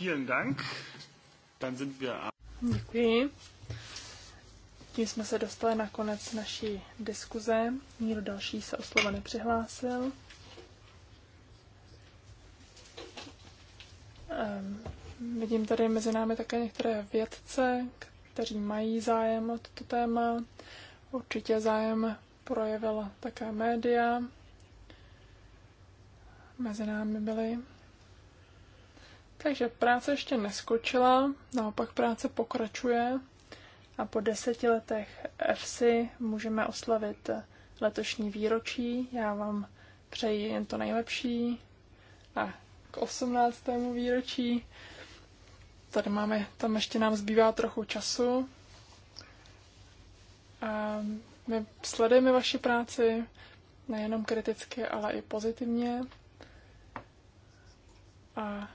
Vielen Dank. Dann sind wir Děkuji. Tím jsme se dostali na konec naší diskuze. Nikdo další se o slovo nepřihlásil. Ehm, vidím tady mezi námi také některé vědce, kteří mají zájem o toto téma. Určitě zájem projevila také média. Mezi námi byly. Takže práce ještě neskočila, naopak práce pokračuje a po deseti letech EFSI můžeme oslavit letošní výročí. Já vám přeji jen to nejlepší a k 18. výročí. Tady máme, tam ještě nám zbývá trochu času. A my sledujeme vaši práci, nejenom kriticky, ale i pozitivně. A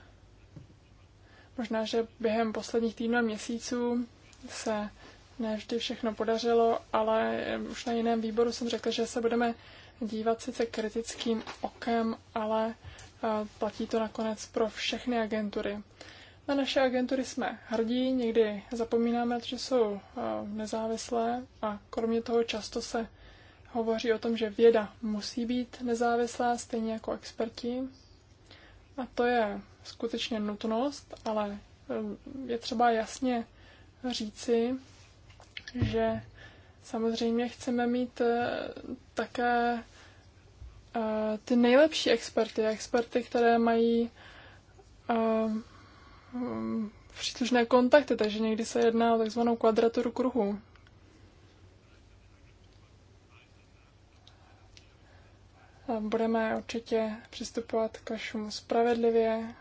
možná, že během posledních týdnů a měsíců se ne vždy všechno podařilo, ale už na jiném výboru jsem řekla, že se budeme dívat sice kritickým okem, ale a platí to nakonec pro všechny agentury. Na naše agentury jsme hrdí, někdy zapomínáme, že jsou e, nezávislé a kromě toho často se hovoří o tom, že věda musí být nezávislá, stejně jako experti. A to je skutečně nutnost, ale e, je třeba jasně říci, že samozřejmě chceme mít e, také ty nejlepší experty, experty, které mají mm, příslušné kontakty, takže někdy se jedná o takzvanou kvadraturu kruhu. Budeme určitě přistupovat k vašemu spravedlivě,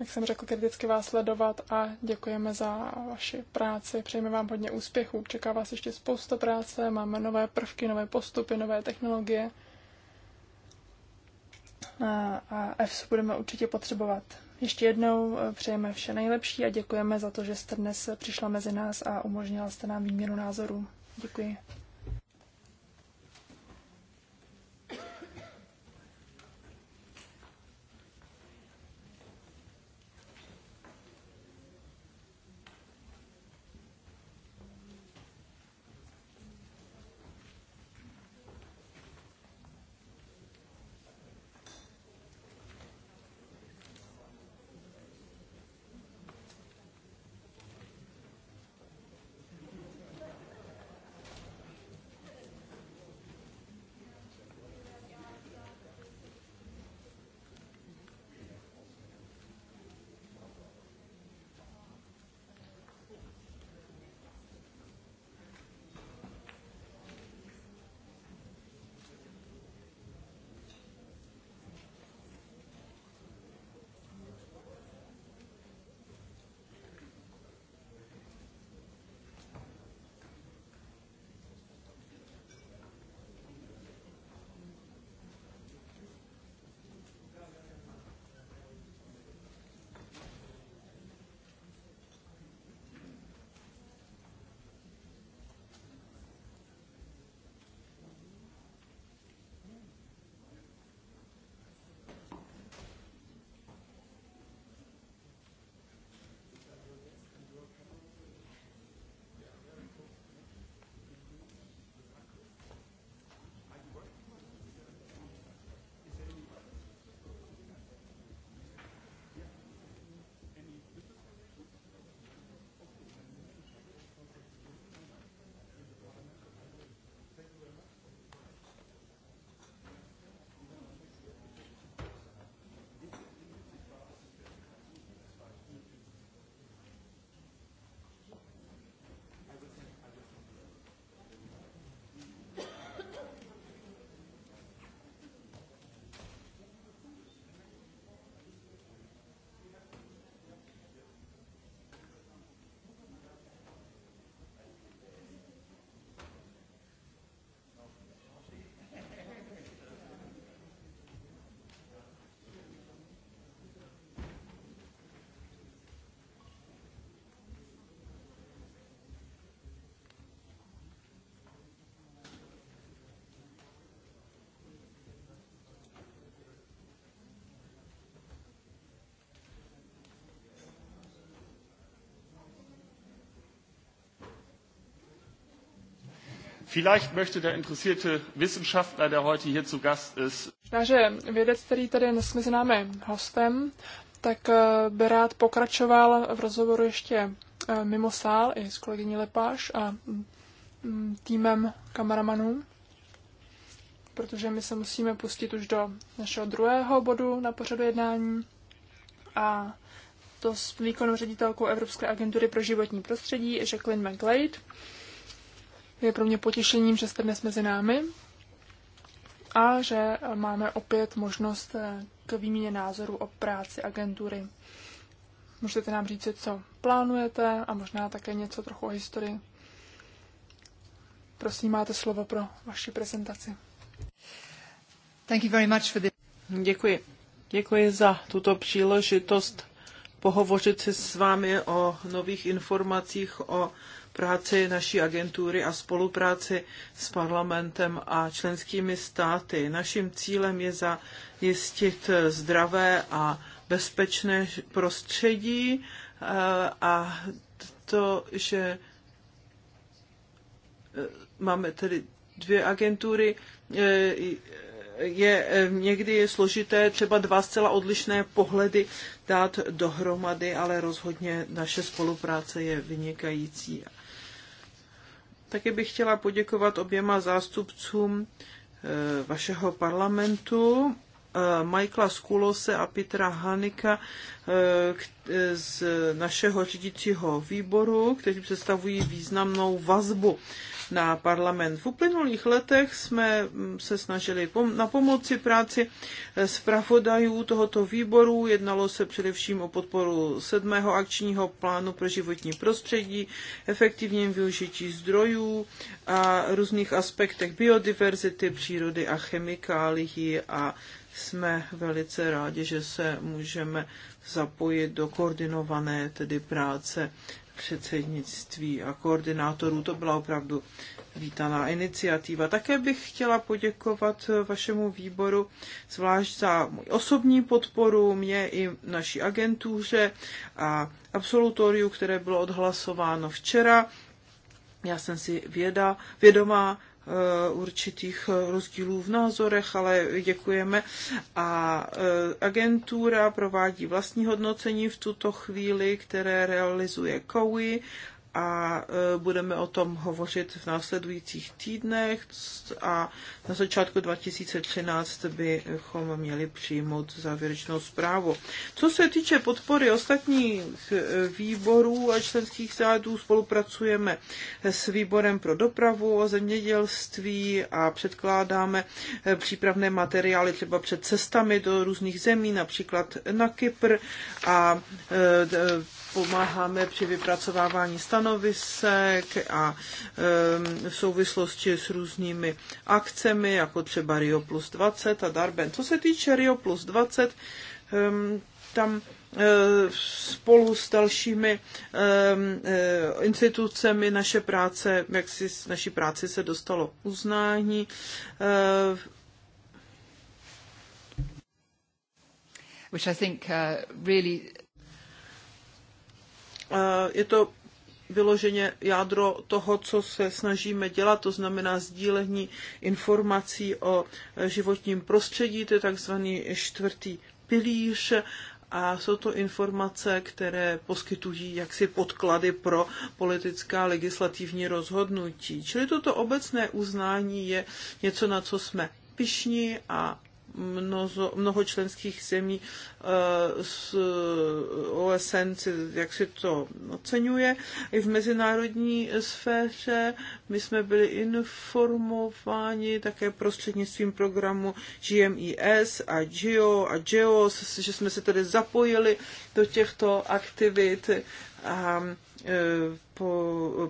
jak jsem řekl, kriticky vás sledovat a děkujeme za vaši práci. Přejeme vám hodně úspěchů. Čeká vás ještě spousta práce, máme nové prvky, nové postupy, nové technologie a EFS budeme určitě potřebovat. Ještě jednou eh, přejeme vše nejlepší a děkujeme za to, že jste dnes eh, přišla mezi nás a umožnila jste nám výměnu názorů. Děkuji. Vielleicht möchte der interessierte Wissenschaftler, der heute hier zu Gast ist. Takže že vědec, který tady dnes mezi námi hostem, tak eh, by rád pokračoval v rozhovoru ještě eh, mimo sál i s kolegyní Lepáš a mm, mm, týmem kameramanů, protože my se musíme pustit už do našeho druhého bodu na pořadu jednání a to s výkonnou ředitelkou Evropské agentury pro životní prostředí Jacqueline McLeod je pro mě potěšením, že jste dnes mezi námi a že máme opět možnost eh, k výměně názoru o práci agentury. Můžete nám říct, co plánujete a možná také něco trochu o historii. Prosím, máte slovo pro vaši prezentaci. Thank you very much for this. Děkuji. Děkuji za tuto příležitost pohovořit si s vámi o nových informacích o práci naší agentury a spolupráci s parlamentem a členskými státy. Naším cílem je zajistit zdravé a bezpečné prostředí eh, a to, že eh, máme tedy dvě agentury, eh, je někdy je složité třeba dva zcela odlišné pohledy dát dohromady, ale rozhodně naše spolupráce je vynikající Taky bych chtěla poděkovat oběma zástupcům eh, vašeho parlamentu, eh, Michaela Skulose a Petra Hanika eh, z našeho řídícího výboru, kteří představují významnou vazbu na parlament. V uplynulých letech jsme mm, se snažili na pomoci práci eh, zpravodajů tohoto výboru. Jednalo se především o podporu sedmého akčního plánu pro životní prostředí, efektivním využití zdrojů a různých aspektech biodiverzity, přírody a chemikálií a jsme velice rádi, že se můžeme zapojit do koordinované tedy práce předsednictví a koordinátorů. To byla opravdu vítaná iniciativa. Také bych chtěla poděkovat vašemu výboru zvlášť za můj osobní podporu, mě i naší agentůře a absolutoriu, které bylo odhlasováno včera. Já jsem si věda, vědomá Eh, určitých eh, rozdílů v názorech, ale děkujeme. A eh, agentura provádí vlastní hodnocení v tuto chvíli, které realizuje COWI a e, budeme o tom hovořit v následujících týdnech a na začátku 2013 bychom měli přijmout závěrečnou zprávu. Co se týče podpory ostatních e, výborů a členských zádů, spolupracujeme s výborem pro dopravu a zemědělství a předkládáme e, přípravné materiály třeba před cestami do různých zemí, například na Kypr a pomáháme při vypracovávání stanovisek a v souvislosti s různými akcemi, jako třeba Rio plus 20 a Darben. Co se týče Rio plus 20, tam e, spolu s dalšími e, institucemi naše práce, jak si naší práci se dostalo uznání. E, Which I think uh, really je to vyloženě jádro toho, co se snažíme dělat, to znamená sdílení informací o životním prostředí, to je takzvaný čtvrtý pilíř a jsou to informace, které poskytují jaksi podklady pro politická legislativní rozhodnutí. Čili toto obecné uznání je něco, na co jsme pišní a mnoho, mnoho členských zemí z eh, OSN, jak si to oceňuje. I v mezinárodní sféře my jsme byli informováni také prostřednictvím programu GMES a GEO a GEOS, že jsme se tedy zapojili do těchto aktivit a eh,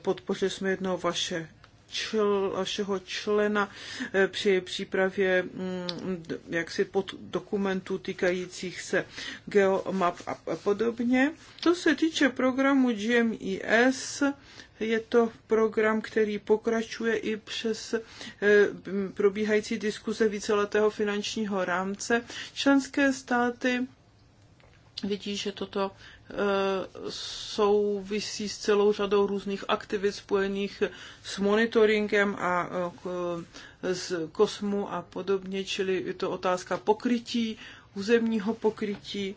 podpořili jsme jednou vaše čl, vašeho člena eh, při přípravě mm, jaksi pod dokumentů týkajících se geomap a podobně. Co se týče programu GMIS, je to program, který pokračuje i přes eh, probíhající diskuze víceletého finančního rámce. Členské státy vidí, že toto souvisí s celou řadou různých aktivit spojených s monitoringem a z e, e, kosmu a podobně, čili je to otázka pokrytí, územního pokrytí.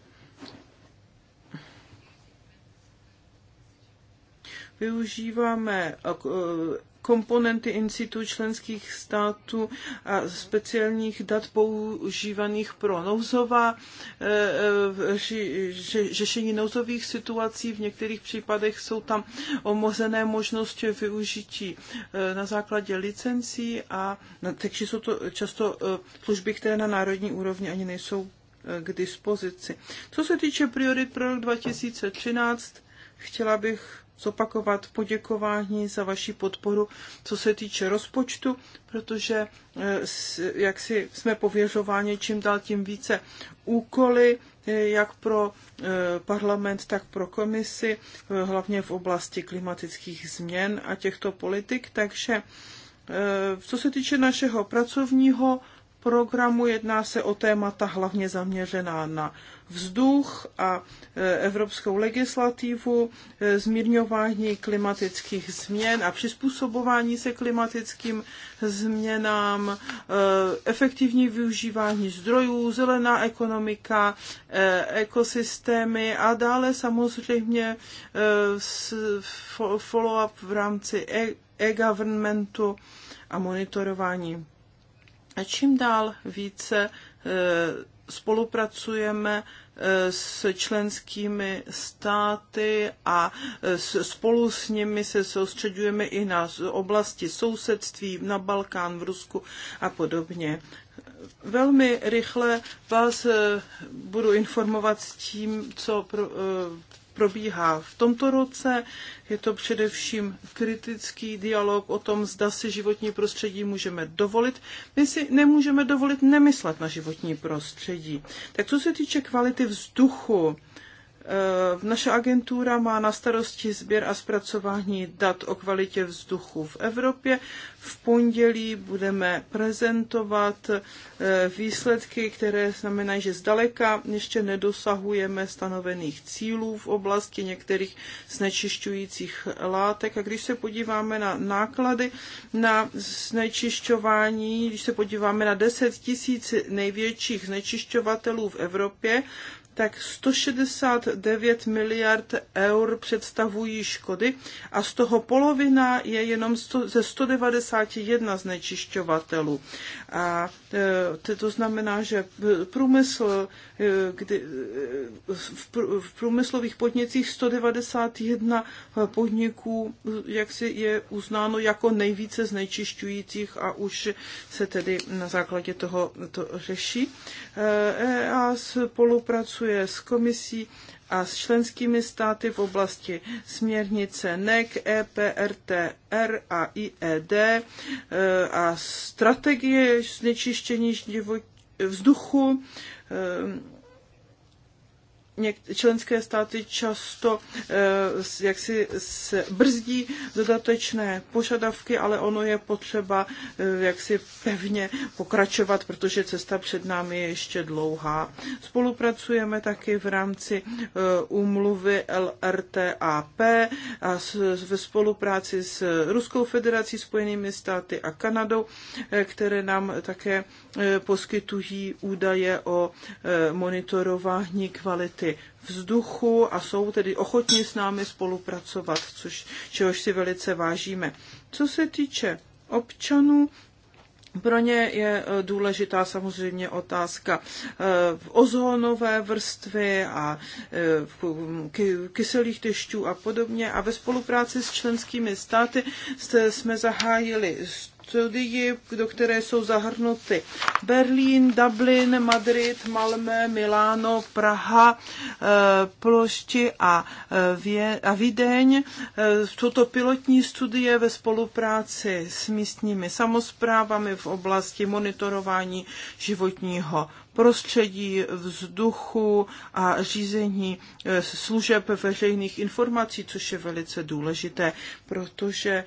Využíváme e, komponenty situ členských států a speciálních dat používaných pro nouzová eh, eh, řešení nouzových situací. V některých případech jsou tam omozené možnosti využití eh, na základě licencí a takže jsou to často služby, které na národní úrovni ani nejsou k dispozici. Co se týče priorit pro rok 2013, chtěla bych zopakovat poděkování za vaši podporu, co se týče rozpočtu, protože eh, jak si jsme pověřováni čím dál tím více úkoly, eh, jak pro eh, parlament, tak pro komisi, hlavně v oblasti klimatických změn a těchto politik. Takže co se týče našeho pracovního programu. Jedná se o témata hlavně zaměřená na vzduch a e, evropskou legislativu, e, zmírňování klimatických změn a přizpůsobování se klimatickým změnám, e, efektivní využívání zdrojů, zelená ekonomika, ekosystémy a dále samozřejmě follow-up v rámci e-governmentu a monitorování a čím dál více eh, spolupracujeme eh, s členskými státy a eh, spolu s nimi se soustředujeme i na oblasti sousedství, na Balkán, v Rusku a podobně. Velmi rychle vás budu informovat s tím, co probíhá v tomto roce. Je to především kritický dialog o tom, zda si životní prostředí můžeme dovolit. My si nemůžeme dovolit nemyslet na životní prostředí. Tak co se týče kvality vzduchu, Eh, naše agentura má na starosti sběr a zpracování dat o kvalitě vzduchu v Evropě. V pondělí budeme prezentovat eh, výsledky, které znamenají, že zdaleka ještě nedosahujeme stanovených cílů v oblasti některých znečišťujících látek. A když se podíváme na náklady na znečišťování, když se podíváme na 10 tisíc největších znečišťovatelů v Evropě, tak 169 miliard eur představují škody a z toho polovina je jenom ze 191 znečišťovatelů. A e, to znamená, že průmysl, e, kdy, e, v, pr, v průmyslových podnicích 191 podniků jak si je uznáno jako nejvíce znečišťujících a už se tedy na základě toho to řeší. A spolupracuje diskutuje s komisí a s členskými státy v oblasti směrnice NEC, EPRTR a IED e, a strategie znečištění životního vzduchu e, členské státy často eh, jak si se brzdí dodatečné požadavky, ale ono je potřeba eh, jak si pevně pokračovat, protože cesta před námi je ještě dlouhá. Spolupracujeme taky v rámci eh, úmluvy LRTAP a ve spolupráci s Ruskou federací, Spojenými státy a Kanadou, které nám také poskytují údaje o monitorování kvality kvality vzduchu a jsou tedy ochotní s námi spolupracovat, což, čehož si velice vážíme. Co se týče občanů, pro ně je e, důležitá samozřejmě otázka e, ozónové vrstvy a e, kyselých dešťů a podobně. A ve spolupráci s členskými státy jsme zahájili studií, do které jsou zahrnuty Berlín, Dublin, Madrid, Malmö, Miláno, Praha, eh, Plošti a, eh, Vě- a Vídeň. Eh, jsou to pilotní studie ve spolupráci s místními samozprávami v oblasti monitorování životního prostředí, vzduchu a řízení služeb veřejných informací, což je velice důležité, protože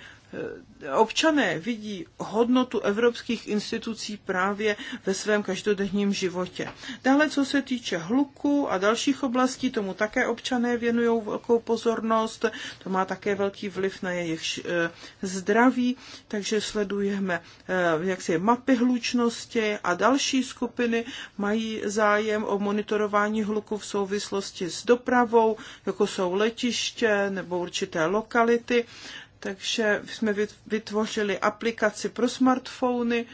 občané vidí hodnotu evropských institucí právě ve svém každodenním životě. Dále, co se týče hluku a dalších oblastí, tomu také občané věnují velkou pozornost, to má také velký vliv na jejich eh, zdraví, takže sledujeme eh, jak je, mapy hlučnosti a další skupiny mají zájem o monitorování hluku v souvislosti s dopravou, jako jsou letiště nebo určité lokality takže jsme vytvořili aplikaci pro smartfony,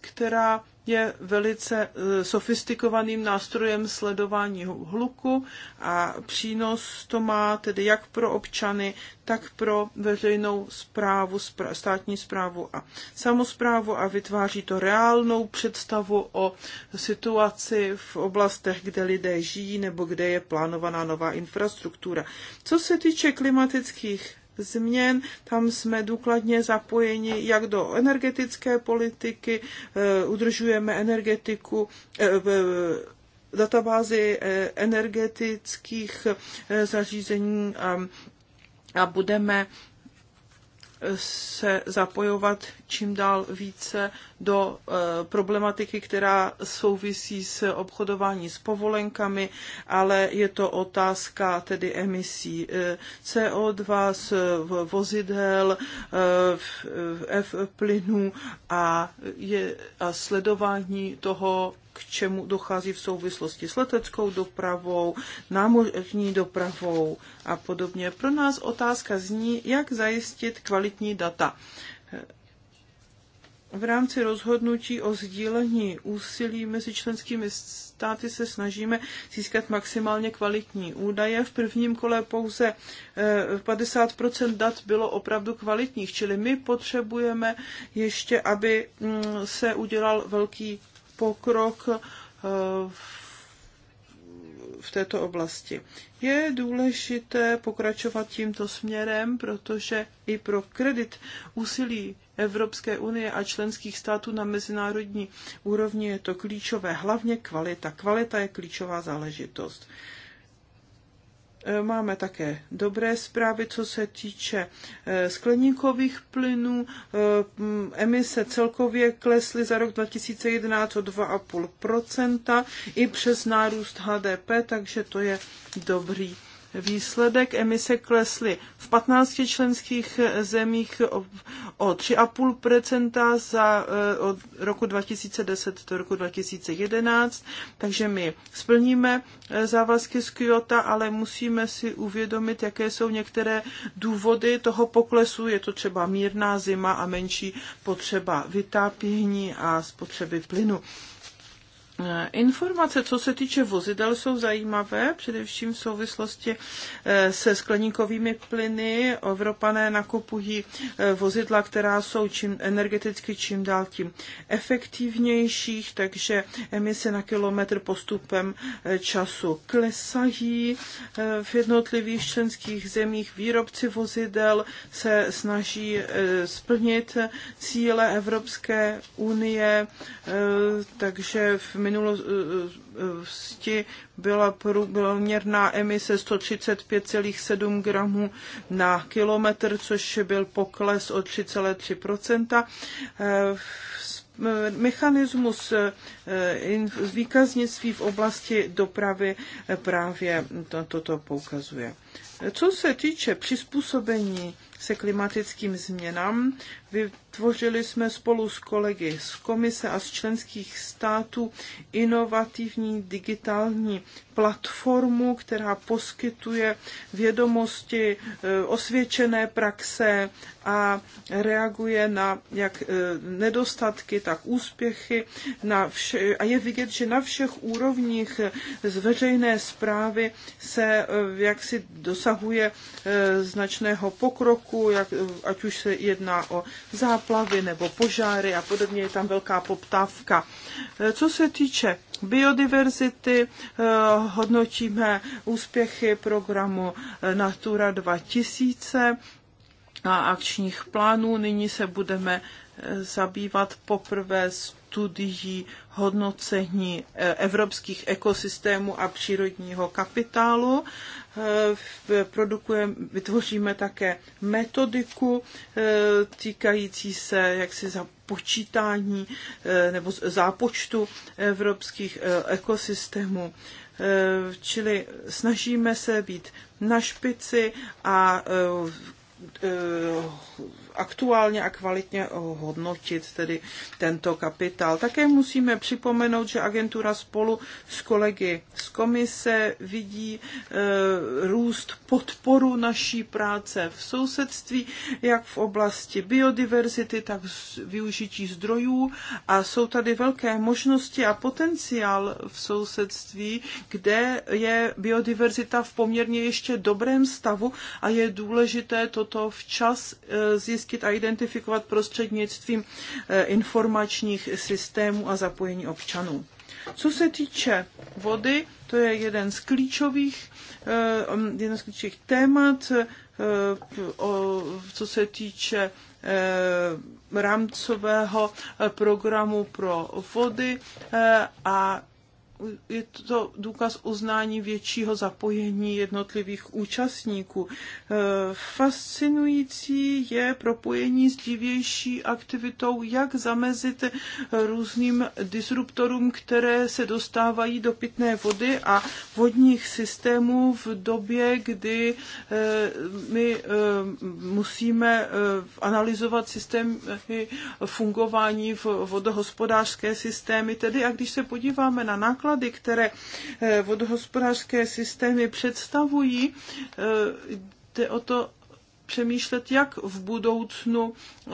která je velice eh, sofistikovaným nástrojem sledování hluku a přínos to má tedy jak pro občany, tak pro veřejnou zprávu, státní zprávu a samozprávu a vytváří to reálnou představu o situaci v oblastech, kde lidé žijí nebo kde je plánovaná nová infrastruktura. Co se týče klimatických změn. Tam jsme důkladně zapojeni jak do energetické politiky, eh, udržujeme energetiku eh, databázi eh, energetických zařízení a budeme se zapojovat čím dál více do eh, problematiky, která souvisí s obchodování s povolenkami, ale je to otázka tedy emisí eh, CO2 z vozidel, eh, F plynů a, je, a sledování toho k čemu dochází v souvislosti s leteckou dopravou, námořní dopravou a podobně. Pro nás otázka zní, jak zajistit kvalitní data. V rámci rozhodnutí o sdílení úsilí mezi členskými státy se snažíme získat maximálně kvalitní údaje. V prvním kole pouze 50 eh, dat bylo opravdu kvalitních, čili my potřebujeme ještě, aby mm, se udělal velký pokrok eh, v této oblasti. Je důležité pokračovat tímto směrem, protože i pro kredit úsilí Evropské unie a členských států na mezinárodní úrovni je to klíčové, hlavně kvalita. Kvalita je klíčová záležitost. E, máme také dobré zprávy, co se týče e, skleníkových plynů. E, emise celkově klesly za rok 2011 o 2,5 i přes nárůst HDP, takže to je dobrý výsledek emise klesly v 15 členských zemích o, o 3,5% za, eh, od roku 2010 do roku 2011, takže my splníme eh, závazky z Kyoto, ale musíme si uvědomit, jaké jsou některé důvody toho poklesu. Je to třeba mírná zima a menší potřeba vytápění a spotřeby plynu. Eh, informace, co se týče vozidel, jsou zajímavé, především v souvislosti eh, se skleníkovými plyny. Evropané nakupují eh, vozidla, která jsou čím energeticky čím dál tím efektivnějších, takže emise na kilometr postupem času klesají. V jednotlivých členských zemích výrobci vozidel se snaží splnit cíle Evropské unie, takže my minulosti byla průměrná emise 135,7 gramů na kilometr, což byl pokles o 3,3 eh, eh, mechanismus eh, výkaznictví v oblasti dopravy právě toto poukazuje. Co se týče přizpůsobení se klimatickým změnám, Vytvořili jsme spolu s kolegy z komise a z členských států inovativní digitální platformu, která poskytuje vědomosti, e, osvědčené praxe a reaguje na jak e, nedostatky, tak úspěchy. Na vše, a je vidět, že na všech úrovních z veřejné zprávy se e, jaksi dosahuje značného pokroku, jak, ať už se jedná o západ, záplavy nebo požáry a podobně, je tam velká poptávka. Eh, co se týče biodiverzity, eh, hodnotíme úspěchy programu eh, Natura 2000 a akčních plánů. Nyní se budeme zabývat poprvé studií hodnocení evropských ekosystémů a přírodního kapitálu. Eh, produkujeme, vytvoříme také metodiku eh, týkající se jaksi za počítání eh, nebo zápočtu evropských ekosystémů. Čili snažíme se být na špici a aktuálně a kvalitně hodnotit tedy tento kapitál. Také musíme připomenout, že agentura spolu s kolegy z komise vidí e, růst podporu naší práce v sousedství, jak v oblasti biodiverzity, tak v využití zdrojů a jsou tady velké možnosti a potenciál v sousedství, kde je biodiverzita v poměrně ještě dobrém stavu a je důležité toto včas e, zjistit zjistit a identifikovat prostřednictvím eh, informačních systémů a zapojení občanů. Co se týče vody, to je jeden z klíčových, eh, um, jeden z klíčových témat, eh, co se týče rámcového programu pro vody a je to důkaz uznání většího zapojení jednotlivých účastníků. E, fascinující je propojení s divější aktivitou, jak zamezit různým disruptorům, které se dostávají do pitné vody a vodních systémů v době, kdy e, my e, musíme analyzovat systémy fungování v vodohospodářské systémy. Tedy a když se podíváme na náklad náklady, které eh, vodohospodářské systémy představují, eh, jde o to, přemýšlet, jak v budoucnu eh,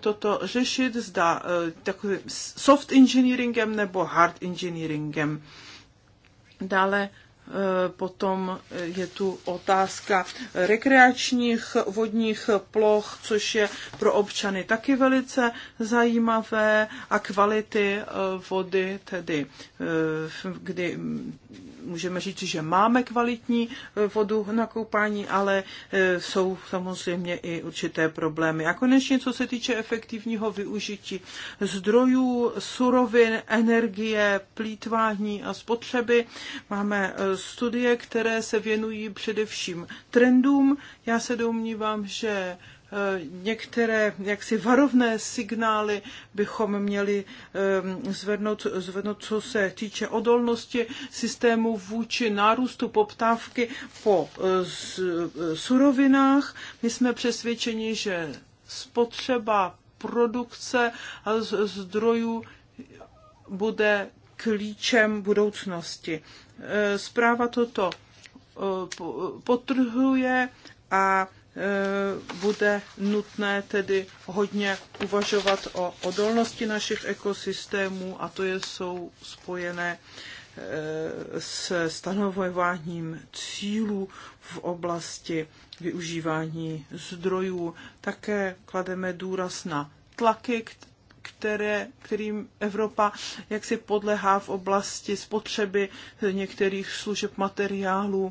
toto řešit, zda takovým soft engineeringem nebo hard engineeringem. Dále Eh, potom eh, je tu otázka rekreačních vodních ploch, což je pro občany taky velice zajímavé a kvality eh, vody, tedy kdy mm, můžeme říct, že máme kvalitní vodu na koupání, ale jsou samozřejmě i určité problémy. A konečně, co se týče efektivního využití zdrojů, surovin, energie, plítvání a spotřeby, máme studie, které se věnují především trendům. Já se domnívám, že eh, některé jaksi varovné signály bychom měli eh, zvednout, zvednout, co se týče odolnosti systému vůči nárůstu poptávky po eh, surovinách. My jsme přesvědčeni, že spotřeba produkce a zdrojů bude klíčem budoucnosti. E, zpráva toto e, potrhuje a e, bude nutné tedy hodně uvažovat o odolnosti našich ekosystémů a to je, jsou spojené s stanovováním cílů v oblasti využívání zdrojů. Také klademe důraz na tlaky, které, kterým Evropa jaksi podlehá v oblasti spotřeby některých služeb materiálů.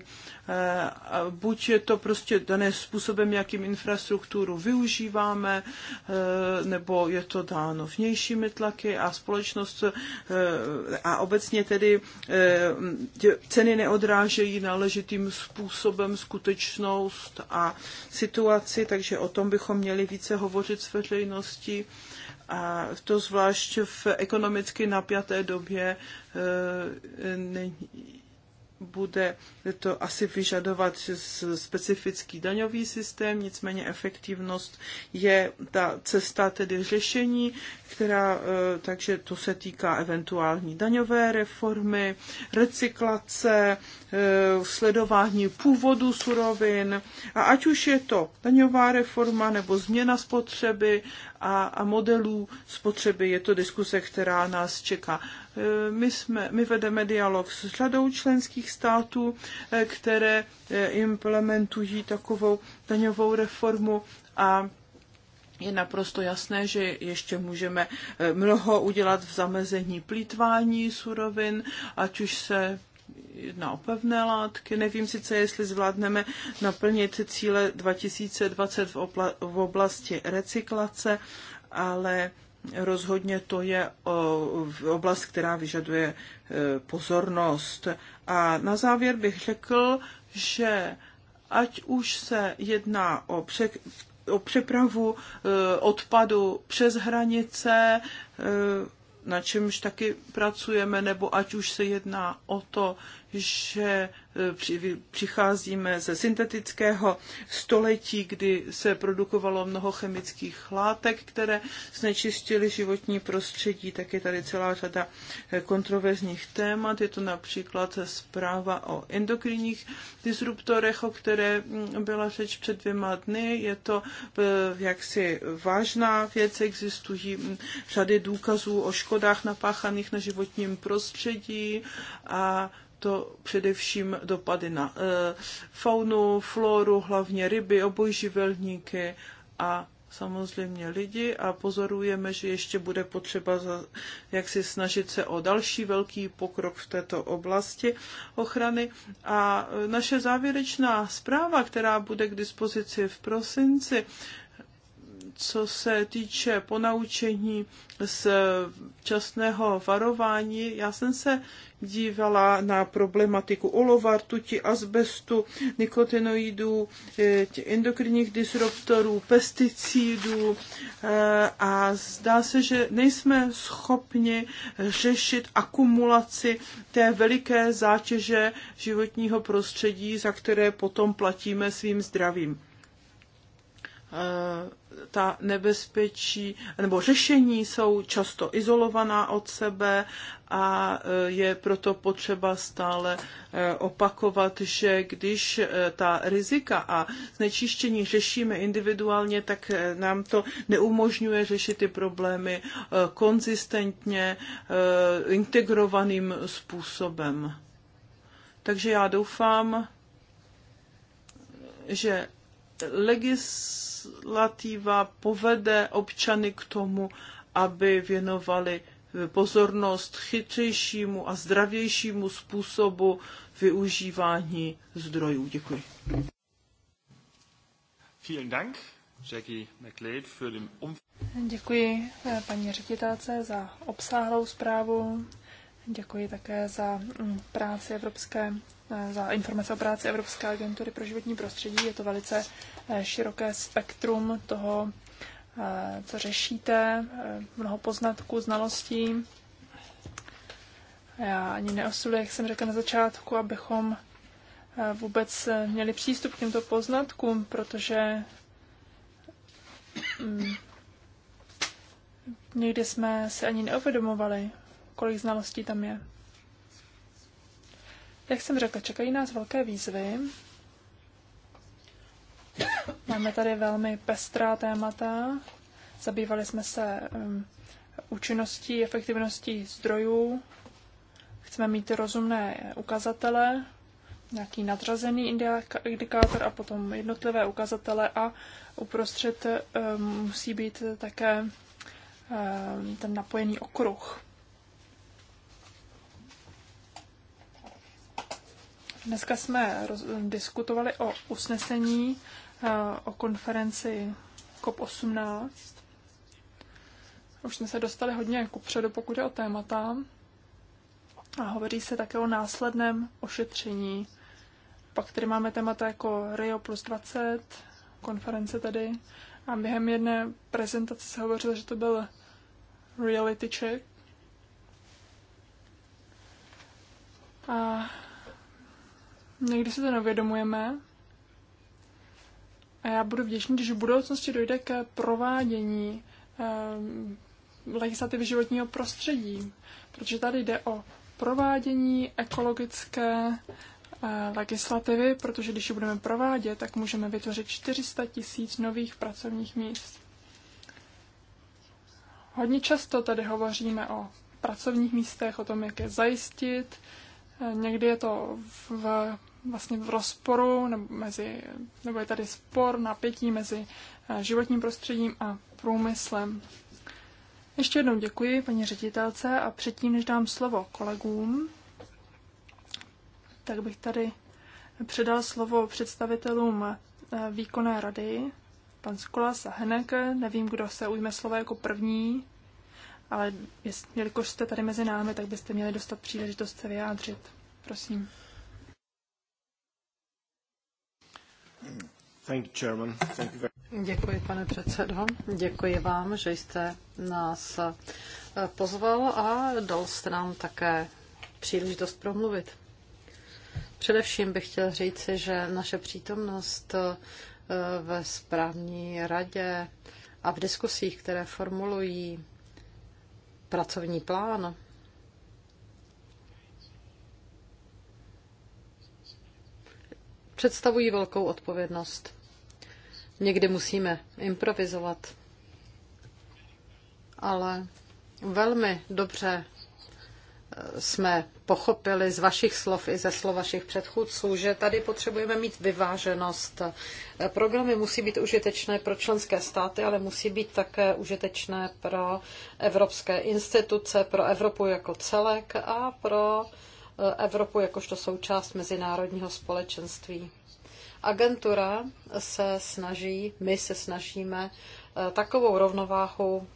Eh, buď je to prostě dané způsobem, jakým infrastrukturu využíváme, eh, nebo je to dáno vnějšími tlaky a společnost eh, a obecně tedy ceny neodrážejí náležitým způsobem skutečnost a situaci, takže o tom bychom měli více hovořit s veřejností a to zvlášť v ekonomicky napjaté době eh, není bude to asi vyžadovat specifický daňový systém, nicméně efektivnost je ta cesta tedy řešení, která, e, takže to se týká eventuální daňové reformy, recyklace, e, sledování původu surovin a ať už je to daňová reforma nebo změna spotřeby a, a modelů spotřeby, je to diskuse, která nás čeká. Eh, my, jsme, my vedeme dialog s řadou členských států, eh, které eh, implementují takovou daňovou reformu a je naprosto jasné, že ještě můžeme mnoho udělat v zamezení plítvání surovin, ať už se jedná o pevné látky. Nevím sice, jestli zvládneme naplnit cíle 2020 v oblasti recyklace, ale rozhodně to je oblast, která vyžaduje e, pozornost. A na závěr bych řekl, že ať už se jedná o, pře- o přepravu e, odpadu přes hranice, e, na čemž taky pracujeme, nebo ať už se jedná o to, že přicházíme ze syntetického století, kdy se produkovalo mnoho chemických látek, které znečistily životní prostředí, tak je tady celá řada eh, kontroverzních témat. Je to například zpráva o endokrinních disruptorech, o které mm, byla řeč před dvěma dny. Je to eh, jaksi vážná věc, existují mm, řady důkazů o škodách napáchaných na životním prostředí a to především dopady na eh, faunu, floru, hlavně ryby, obojživelníky a samozřejmě lidi a pozorujeme, že ještě bude potřeba za, jak si snažit se o další velký pokrok v této oblasti ochrany. A eh, naše závěrečná zpráva, která bude k dispozici v prosinci, co se týče ponaučení z časného varování, já jsem se dívala na problematiku olova, rtuti, asbestu, nikotinoidů, eh, endokrinních disruptorů, pesticidů eh, a zdá se, že nejsme schopni řešit akumulaci té veliké zátěže životního prostředí, za které potom platíme svým zdravím. Eh, ta nebezpečí nebo řešení jsou často izolovaná od sebe a eh, je proto potřeba stále eh, opakovat, že když ta rizika a znečištění řešíme individuálně, tak nám to neumožňuje řešit ty problémy konzistentně, integrovaným způsobem. Takže já doufám, že legislativa povede občany k tomu, aby věnovali pozornost chytřejšímu a zdravějšímu způsobu využívání zdrojů. Děkuji. Vielen Dank, Jackie McLeod, für den Děkuji eh, paní ředitelce za obsáhlou zprávu. Děkuji také za mm, práci Evropské Eh, za informace o práci Evropské agentury pro životní prostředí. Je to velice eh, široké spektrum toho, eh, co řešíte, mnoho poznatků, znalostí. Já ani neosluji, jak jsem řekla na začátku, abychom vůbec měli přístup k těmto poznatkům, protože mm, někdy jsme se ani neuvědomovali, kolik znalostí tam je. Jak jsem řekla, čekají nás velké výzvy. Máme tady velmi pestrá témata. Zabývali jsme se um, účinností, efektivností zdrojů. Chceme mít rozumné ukazatele, nějaký nadřazený indikátor a potom jednotlivé ukazatele a uprostřed um, musí být také um, ten napojený okruh. Dneska jsme diskutovali o usnesení eh, o konferenci COP18. Už jsme se dostali hodně kupředu, pokud je o témata. A hovoří se také o následném ošetření. Pak tady máme témata jako Rio plus 20, konference tady. A během jedné prezentace se hovořilo, že to byl reality check. A Někdy si to nevědomujeme. A já budu vděčný, když v budoucnosti dojde k provádění eh, legislativy životního prostředí, protože tady jde o provádění ekologické eh, legislativy, protože když ji budeme provádět, tak můžeme vytvořit 400 tisíc nových pracovních míst. Hodně často tady hovoříme o pracovních místech, o tom, jak je zajistit. Eh, někdy je to v vlastně v rozporu, nebo, mezi, nebo je tady spor, napětí mezi eh, životním prostředím a průmyslem. Ještě jednou děkuji paní ředitelce a předtím, než dám slovo kolegům, tak bych tady předal slovo představitelům eh, výkonné rady, pan Skolas a Henek. Nevím, kdo se ujme slovo jako první, ale jelikož jste tady mezi námi, tak byste měli dostat příležitost se vyjádřit. Prosím. Děkuji, pane předsedo. Děkuji vám, že jste nás eh, pozval a dal jste nám také příležitost promluvit. Především bych chtěl říci, že naše přítomnost eh, ve správní radě a v diskusích, které formulují pracovní plán, představují velkou odpovědnost. Někdy musíme improvizovat, ale velmi dobře eh, jsme pochopili z vašich slov i ze slov vašich předchůdců, že tady potřebujeme mít vyváženost. Eh, programy musí být užitečné pro členské státy, ale musí být také užitečné pro evropské instituce, pro Evropu jako celek a pro Evropu jakožto součást mezinárodního společenství. Agentura se snaží, my se snažíme eh, takovou rovnováhu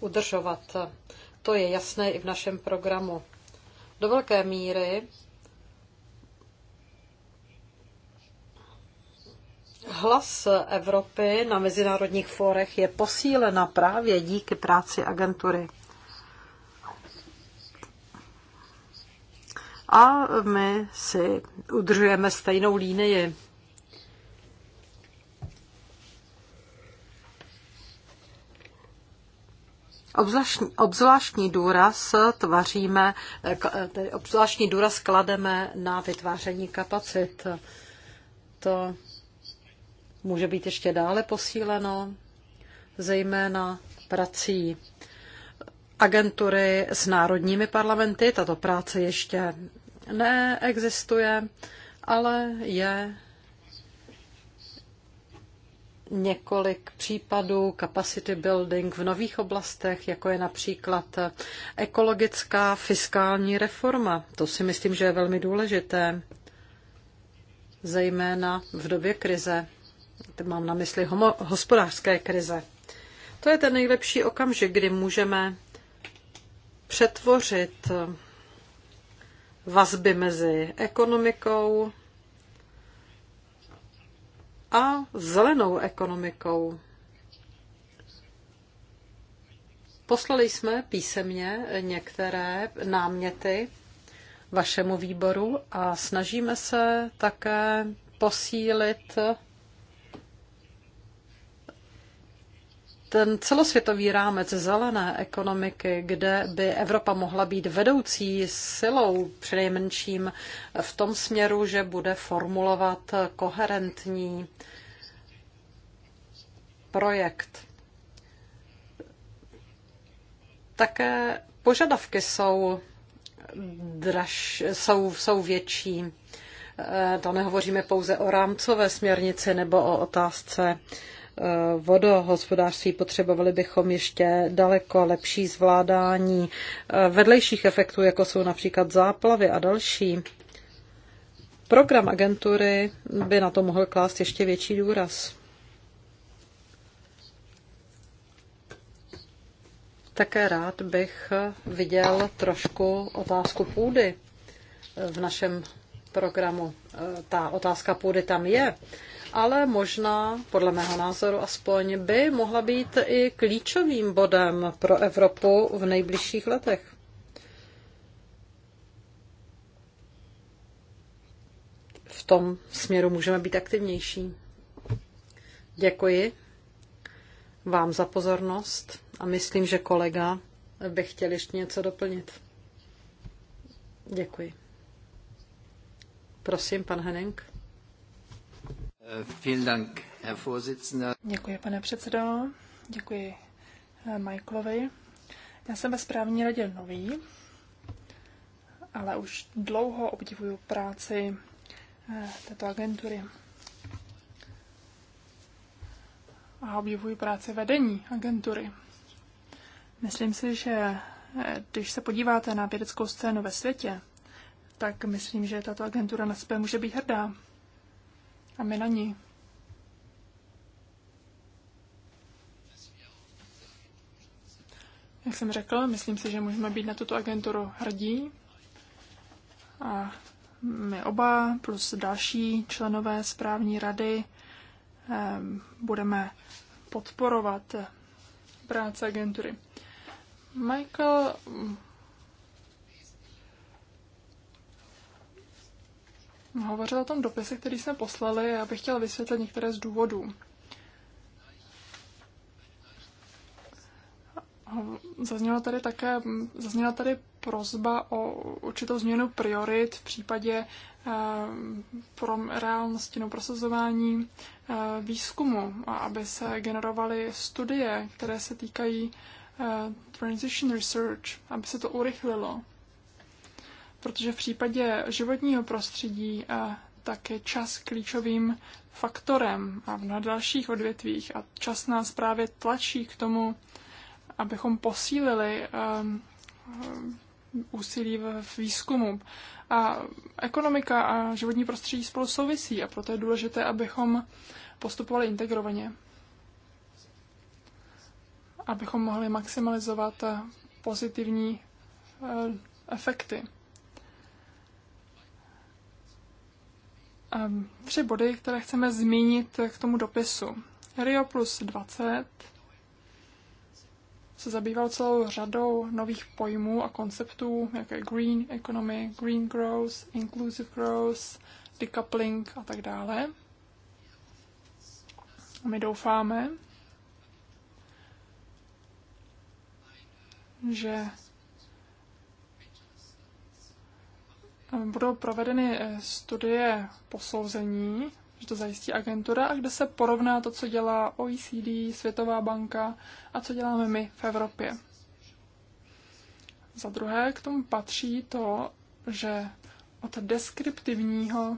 udržovat. To je jasné i v našem programu. Do velké míry hlas Evropy na mezinárodních fórech je posílena právě díky práci agentury. a my si udržujeme stejnou línii. Obzvláštní, obzvláštní důraz tvaříme, tedy obzvláštní důraz klademe na vytváření kapacit. To může být ještě dále posíleno, zejména prací agentury s národními parlamenty. Tato práce ještě neexistuje, ale je několik případů capacity building v nových oblastech, jako je například ekologická fiskální reforma. To si myslím, že je velmi důležité, zejména v době krize. Teď mám na mysli homo- hospodářské krize. To je ten nejlepší okamžik, kdy můžeme přetvořit vazby mezi ekonomikou a zelenou ekonomikou. Poslali jsme písemně některé náměty vašemu výboru a snažíme se také posílit ten celosvětový rámec zelené ekonomiky, kde by Evropa mohla být vedoucí silou, přinejmenším v tom směru, že bude formulovat koherentní projekt. Také požadavky jsou, draž, jsou, jsou větší. E, to nehovoříme pouze o rámcové směrnici nebo o otázce Eh, vodohospodářství, potřebovali bychom ještě daleko lepší zvládání eh, vedlejších efektů, jako jsou například záplavy a další. Program agentury by na to mohl klást ještě větší důraz. Také rád bych viděl trošku otázku půdy v našem programu. Eh, ta otázka půdy tam je ale možná, podle mého názoru aspoň, by mohla být i klíčovým bodem pro Evropu v nejbližších letech. V tom směru můžeme být aktivnější. Děkuji vám za pozornost a myslím, že kolega by chtěl ještě něco doplnit. Děkuji. Prosím, pan Henning. Děkuji, pane předsedo. Děkuji eh, Michaelovi. Já jsem ve správní radě nový, ale už dlouho obdivuju práci eh, této agentury. A obdivuji práci vedení agentury. Myslím si, že eh, když se podíváte na vědeckou scénu ve světě, tak myslím, že tato agentura na sebe může být hrdá a my na ní. Jak jsem řekl, myslím si, že můžeme být na tuto agenturu hrdí. A my oba plus další členové správní rady budeme podporovat práce agentury. Michael hovořil o tom dopise, který jsme poslali a já bych chtěla vysvětlit některé z důvodů. Zazněla tady také zazněla tady prozba o určitou změnu priorit v případě eh, pro reálnosti nebo prosazování eh, výzkumu, a aby se generovaly studie, které se týkají eh, transition research, aby se to urychlilo protože v případě životního prostředí eh, tak je čas klíčovým faktorem a na dalších odvětvích a čas nás právě tlačí k tomu, abychom posílili eh, úsilí v výzkumu. A ekonomika a životní prostředí spolu souvisí a proto je důležité, abychom postupovali integrovaně. Abychom mohli maximalizovat eh, pozitivní efekty. Ehm, tři body, které chceme zmínit k tomu dopisu. Rio plus 20 se zabýval celou řadou nových pojmů a konceptů, jako je green economy, green growth, inclusive growth, decoupling a tak dále. My doufáme, že budou provedeny eh, studie posouzení, že to zajistí agentura, a kde se porovná to, co dělá OECD, Světová banka a co děláme my v Evropě. Za druhé, k tomu patří to, že od deskriptivního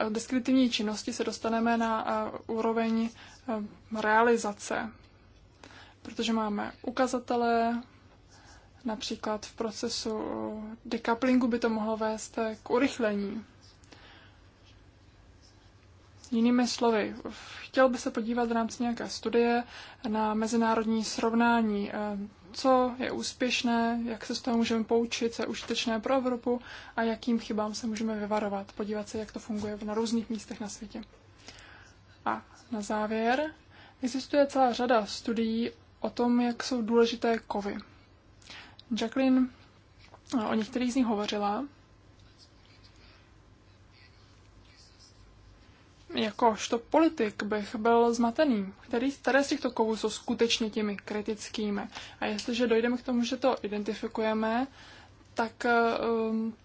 eh, deskriptivní činnosti se dostaneme na eh, úroveň realizace, protože máme ukazatele, Například v procesu eh, decouplingu by to mohlo vést eh, k urychlení. Jinými slovy, chtěl by se podívat v rámci nějaké studie na mezinárodní srovnání, eh, co je úspěšné, jak se z toho můžeme poučit, co je užitečné pro Evropu a jakým chybám se můžeme vyvarovat, podívat se, jak to funguje na různých místech na světě. A na závěr, existuje celá řada studií o tom, jak jsou důležité kovy. Jacqueline o některých z nich hovořila. Jakožto politik bych byl zmatený, který, které z těchto kovů jsou skutečně těmi kritickými. A jestliže dojdeme k tomu, že to identifikujeme, tak um,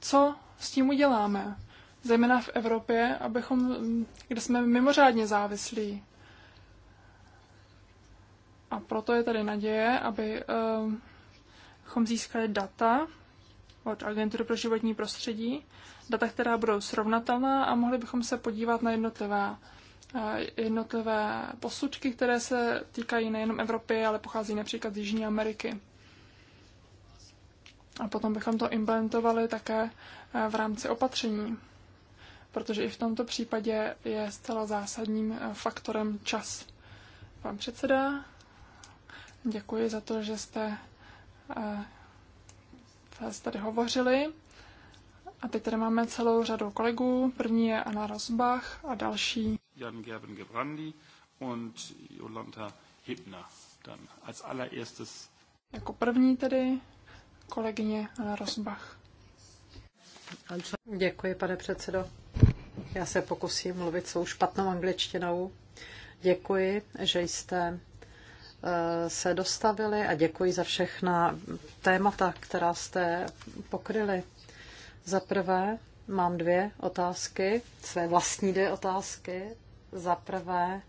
co s tím uděláme? Zejména v Evropě, abychom, um, kde jsme mimořádně závislí. A proto je tady naděje, aby um, abychom získali data od Agentury pro životní prostředí, data, která budou srovnatelná a mohli bychom se podívat na jednotlivá eh, jednotlivé posudky, které se týkají nejenom Evropy, ale pochází například z Jižní Ameriky. A potom bychom to implementovali také eh, v rámci opatření, protože i v tomto případě je zcela zásadním eh, faktorem čas. Pan předseda, děkuji za to, že jste vás tady hovořili. A teď tady máme celou řadu kolegů. První je Anna Rosbach a další. Jan Gerben Gebrandi und Jolanta Hibner. Dann als allererstes. Jako první tedy kolegyně Anna Rosbach. Děkuji, pane předsedo. Já se pokusím mluvit svou špatnou angličtinou. Děkuji, že jste se dostavili a děkuji za všechna témata, která jste pokryli. Za prvé mám dvě otázky, své vlastní dvě otázky. Za prvé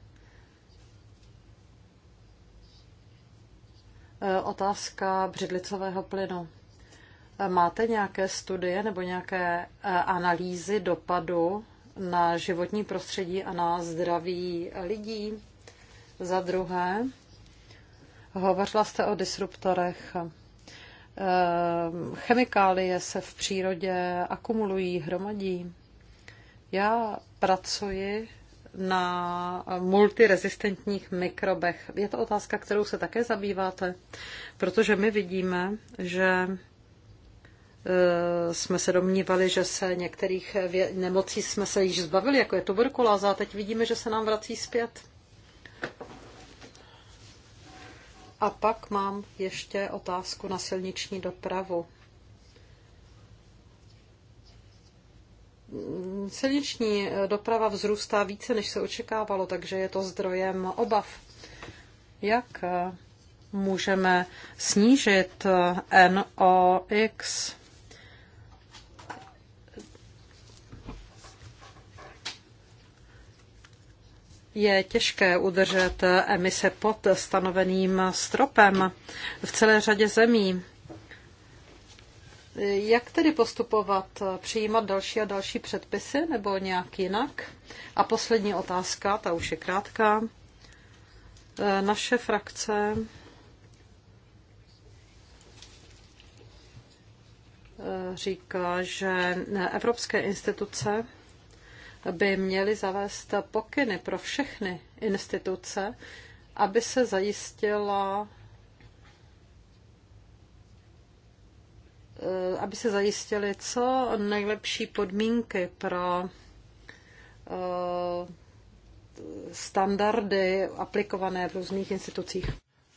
eh, otázka břidlicového plynu. Máte nějaké studie nebo nějaké eh, analýzy dopadu na životní prostředí a na zdraví lidí? Za druhé, Hovořila jste o disruptorech. Ehm, chemikálie se v přírodě akumulují, hromadí. Já pracuji na multirezistentních mikrobech. Je to otázka, kterou se také zabýváte, protože my vidíme, že ehm, jsme se domnívali, že se některých nemocí jsme se již zbavili, jako je tuberkuláza, a teď vidíme, že se nám vrací zpět. A pak mám ještě otázku na silniční dopravu. Silniční doprava vzrůstá více, než se očekávalo, takže je to zdrojem obav. Jak můžeme snížit NOx? je těžké udržet emise pod stanoveným stropem v celé řadě zemí. Jak tedy postupovat? Přijímat další a další předpisy nebo nějak jinak? A poslední otázka, ta už je krátká. Naše frakce říká, že evropské instituce by měly zavést pokyny pro všechny instituce, aby se zajistila eh, aby se zajistily co nejlepší podmínky pro eh, standardy aplikované v různých institucích.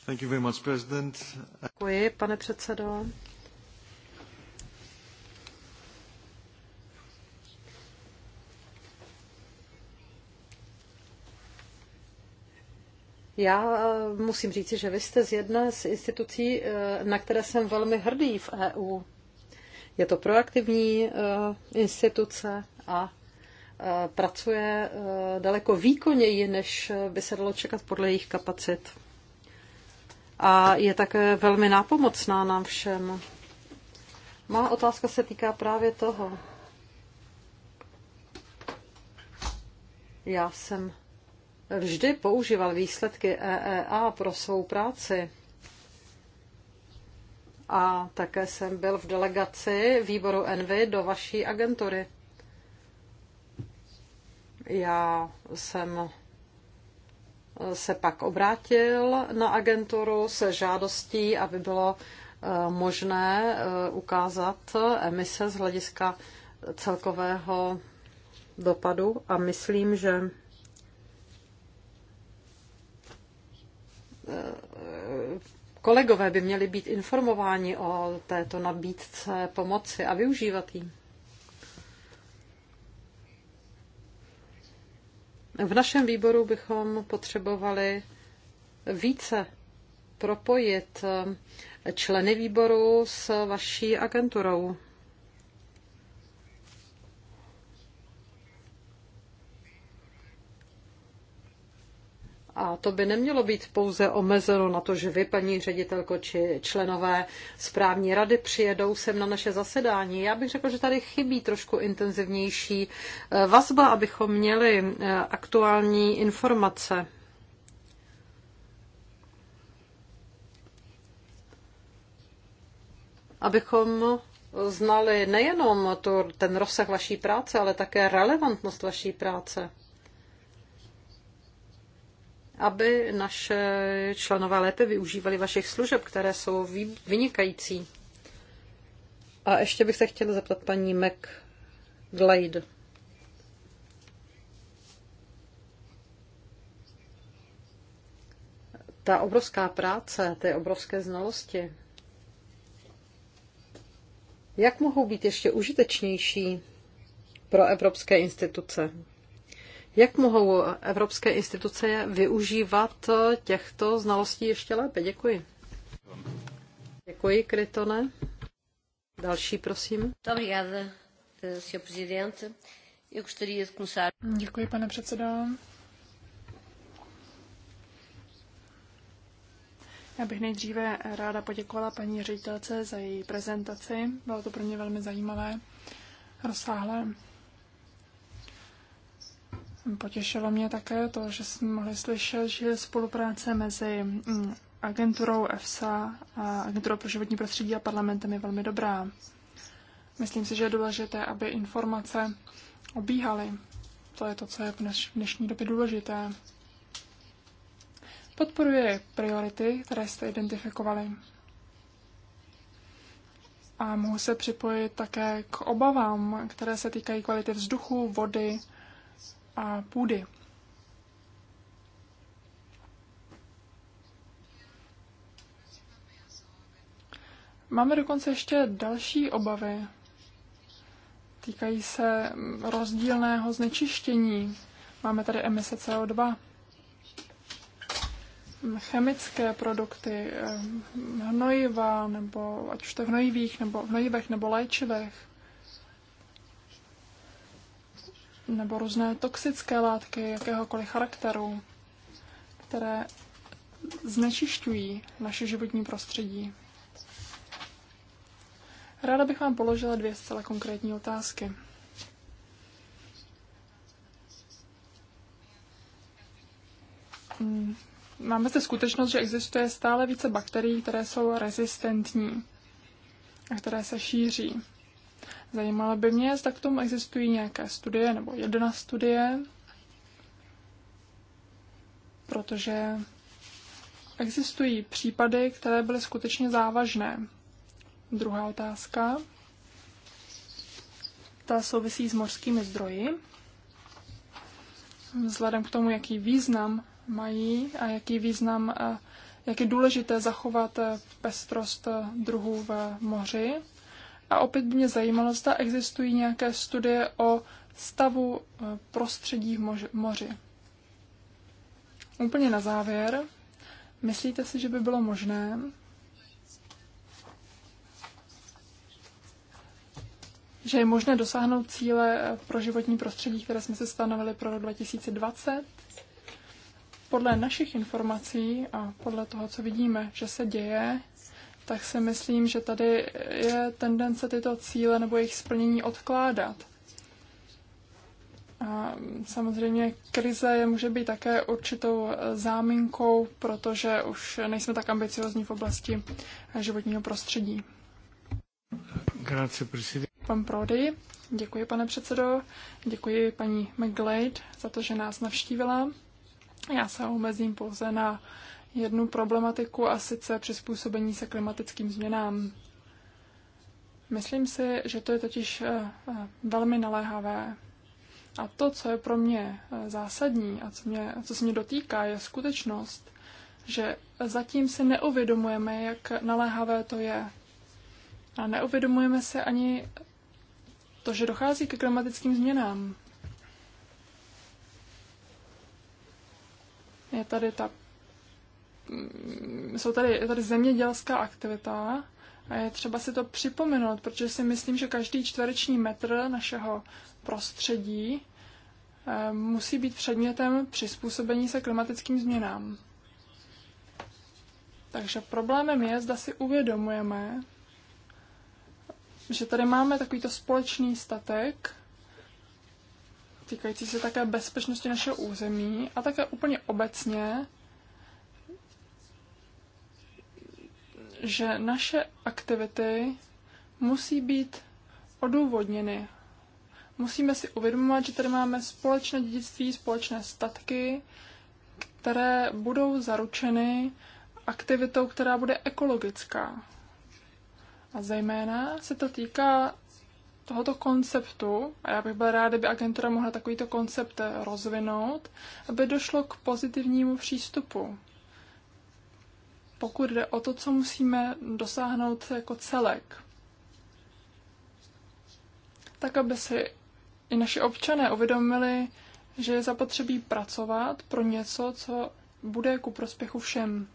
Thank you very much, President. Děkuji, pane předsedo. Já eh, musím říci, že vy jste z jedné z institucí, eh, na které jsem velmi hrdý v EU. Je to proaktivní eh, instituce a pracuje daleko výkonněji, než by se dalo čekat podle jejich kapacit. A je také velmi nápomocná nám všem. Má otázka se týká právě toho. Já jsem vždy používal výsledky EEA pro svou práci. A také jsem byl v delegaci výboru Envy do vaší agentury. Já jsem se pak obrátil na agenturu se žádostí, aby bylo e, možné e, ukázat emise z hlediska celkového dopadu a myslím, že kolegové by měli být informováni o této nabídce pomoci a využívat ji. V našem výboru bychom potřebovali více propojit členy výboru s vaší agenturou. A to by nemělo být pouze omezeno na to, že vy, paní ředitelko, či členové správní rady přijedou sem na naše zasedání. Já bych řekl, že tady chybí trošku intenzivnější eh, vazba, abychom měli eh, aktuální informace. Abychom znali nejenom to, ten rozsah vaší práce, ale také relevantnost vaší práce aby naše členové lépe využívali vašich služeb, které jsou vynikající. A ještě bych se chtěla zeptat paní McGlade. Ta obrovská práce, ty obrovské znalosti, jak mohou být ještě užitečnější pro evropské instituce? Jak mohou evropské instituce využívat těchto znalostí ještě lépe? Děkuji. Děkuji, Krytone. Další, prosím. Eh, Děkuji, pane předsedo. Já bych nejdříve ráda poděkovala paní ředitelce za její prezentaci. Bylo to pro mě velmi zajímavé, rozsáhlé. Potěšilo mě také to, že jsme mohli slyšet, že spolupráce mezi mm, agenturou EFSA a agenturou pro životní prostředí a parlamentem je velmi dobrá. Myslím si, že je důležité, aby informace obíhaly. To je to, co je v dnešní době důležité. Podporuje priority, které jste identifikovali. A mohu se připojit také k obavám, které se týkají kvality vzduchu, vody, a půdy. Máme dokonce ještě další obavy. Týkají se rozdílného znečištění. Máme tady emise CO2. Chemické produkty, eh, hnojiva, nebo ať už to v hnojivých, nebo v hnojivech, nebo léčivech. nebo různé toxické látky jakéhokoliv charakteru, které znečišťují naše životní prostředí. Ráda bych vám položila dvě zcela konkrétní otázky. Hmm, máme zde skutečnost, že existuje stále více bakterií, které jsou rezistentní a které se šíří. Zajímalo by mě, zda k tomu existují nějaké studie nebo jedna studie, protože existují případy, které byly skutečně závažné. Druhá otázka. Ta souvisí s mořskými zdroji. Vzhledem k tomu, jaký význam mají a jaký význam, eh, jak je důležité zachovat eh, pestrost eh, druhů v moři, a opět by mě zajímalo, zda existují nějaké studie o stavu eh, prostředí v moři. Úplně na závěr, myslíte si, že by bylo možné že je možné dosáhnout cíle eh, pro životní prostředí, které jsme si stanovili pro rok 2020. Podle našich informací a podle toho, co vidíme, že se děje, tak si myslím, že tady je tendence tyto cíle nebo jejich splnění odkládat. A samozřejmě krize je může být také určitou záminkou, protože už nejsme tak ambiciozní v oblasti životního prostředí. Pan Prody, děkuji pane předsedo, děkuji paní McGlade za to, že nás navštívila. Já se omezím pouze na jednu problematiku a sice přizpůsobení se klimatickým změnám. Myslím si, že to je totiž eh, eh, velmi naléhavé. A to, co je pro mě eh, zásadní a co, mě, co se mě dotýká, je skutečnost, že zatím si neuvědomujeme, jak naléhavé to je. A neuvědomujeme se ani to, že dochází ke klimatickým změnám. Je tady ta Mm, jsou tady, je tady zemědělská aktivita a je třeba si to připomenout, protože si myslím, že každý čtvereční metr našeho prostředí eh, musí být předmětem přizpůsobení se klimatickým změnám. Takže problémem je, zda si uvědomujeme, že tady máme takovýto společný statek, týkající se také bezpečnosti našeho území a také úplně obecně že naše aktivity musí být odůvodněny. Musíme si uvědomovat, že tady máme společné dědictví, společné statky, které budou zaručeny aktivitou, která bude ekologická. A zejména se to týká tohoto konceptu, a já bych byla ráda, kdyby agentura mohla takovýto koncept rozvinout, aby došlo k pozitivnímu přístupu pokud jde o to, co musíme dosáhnout jako celek, tak aby si i naši občané uvědomili, že je zapotřebí pracovat pro něco, co bude ku prospěchu všem.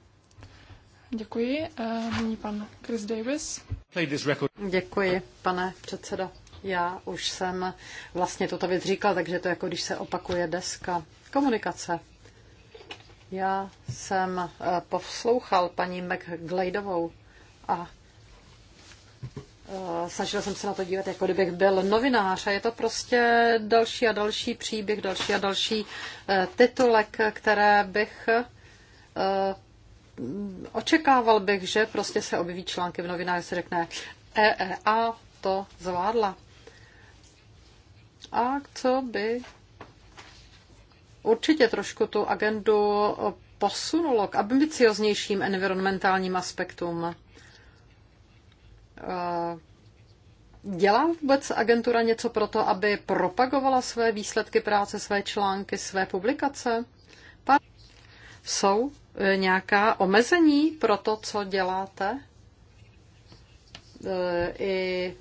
Děkuji. Eh, nyní pan Chris Davis. Děkuji, pane předseda. Já už jsem vlastně toto věc říkala, takže to je jako když se opakuje deska. Komunikace já jsem eh, poslouchal paní McGladovou a eh, snažil jsem se na to dívat, jako kdybych byl novinář a je to prostě další a další příběh, další a další eh, titulek, které bych očekával bych, že prostě se objeví články v novinách, že se řekne EEA to zvládla. A co by určitě trošku tu agendu posunulo k ambicioznějším environmentálním aspektům. Dělá vůbec agentura něco pro to, aby propagovala své výsledky práce, své články, své publikace? Jsou e, nějaká omezení pro to, co děláte? E, I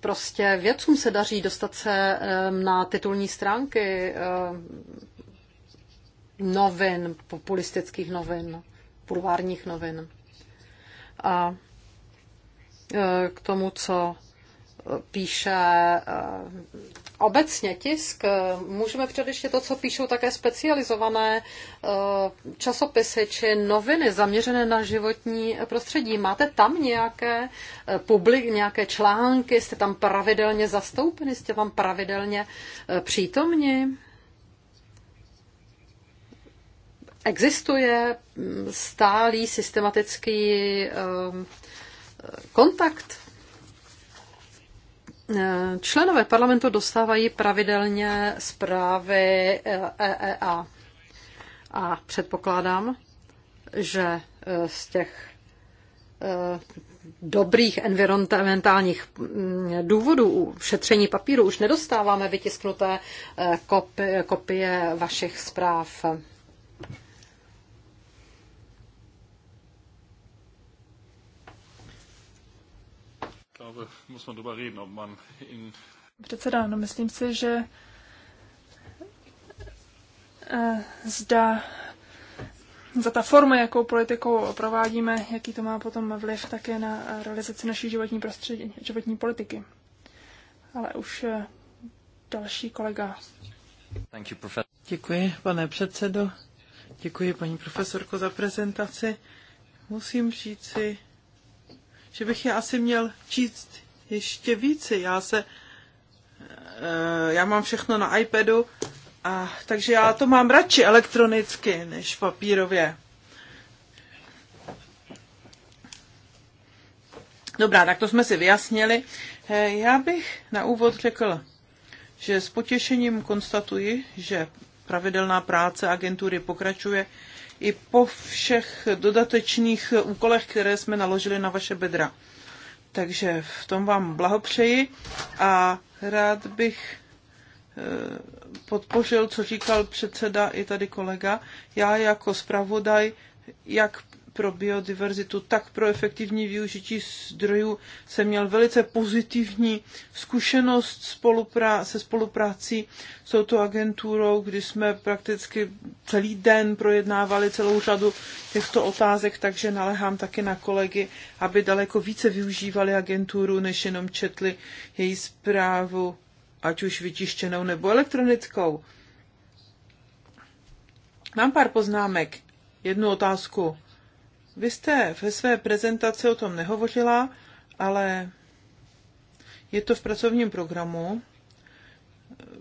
prostě vědcům se daří dostat se na titulní stránky novin, populistických novin, purvárních novin. A e, k tomu, co e, píše obecně tisk, eh, můžeme předeště to, co píšou také specializované eh, časopisy či noviny zaměřené na životní prostředí. Máte tam nějaké eh, publik, nějaké články, jste tam pravidelně zastoupeni, jste tam pravidelně přítomni? Existuje mm, stálý systematický kontakt Členové parlamentu dostávají pravidelně zprávy EEA eh, e a předpokládám, že eh, z těch eh, dobrých environmentálních mm, důvodů šetření papíru už nedostáváme vytisknuté kopie vašich zpráv. glaube, muss man reden, ob man in... Předseda, no myslím si, že eh, zda za ta forma, jakou politikou provádíme, jaký to má potom vliv také na realizaci naší životní, prostředí, životní politiky. Ale už eh, další kolega. Thank you, Děkuji, pane předsedo. Děkuji, paní profesorko, za prezentaci. Musím říci, že bych je asi měl číst ještě více. Já se, eh, já mám všechno na iPadu, a, takže já to mám radši elektronicky než papírově. Dobrá, tak to jsme si vyjasnili. Eh, já bych na úvod řekl, že s potěšením konstatuji, že pravidelná práce agentury pokračuje i po všech dodatečných úkolech, které jsme naložili na vaše bedra. Takže v tom vám blahopřeji a rád bych eh, podpořil, co říkal předseda i tady kolega. Já jako zpravodaj, jak pro biodiverzitu, tak pro efektivní využití zdrojů jsem měl velice pozitivní zkušenost spoluprá- se spoluprácí s touto agenturou, kdy jsme prakticky celý den projednávali celou řadu těchto otázek, takže nalehám taky na kolegy, aby daleko více využívali agenturu, než jenom četli její zprávu, ať už vytištěnou nebo elektronickou. Mám pár poznámek, jednu otázku. Vy jste ve své prezentaci o tom nehovořila, ale je to v pracovním programu.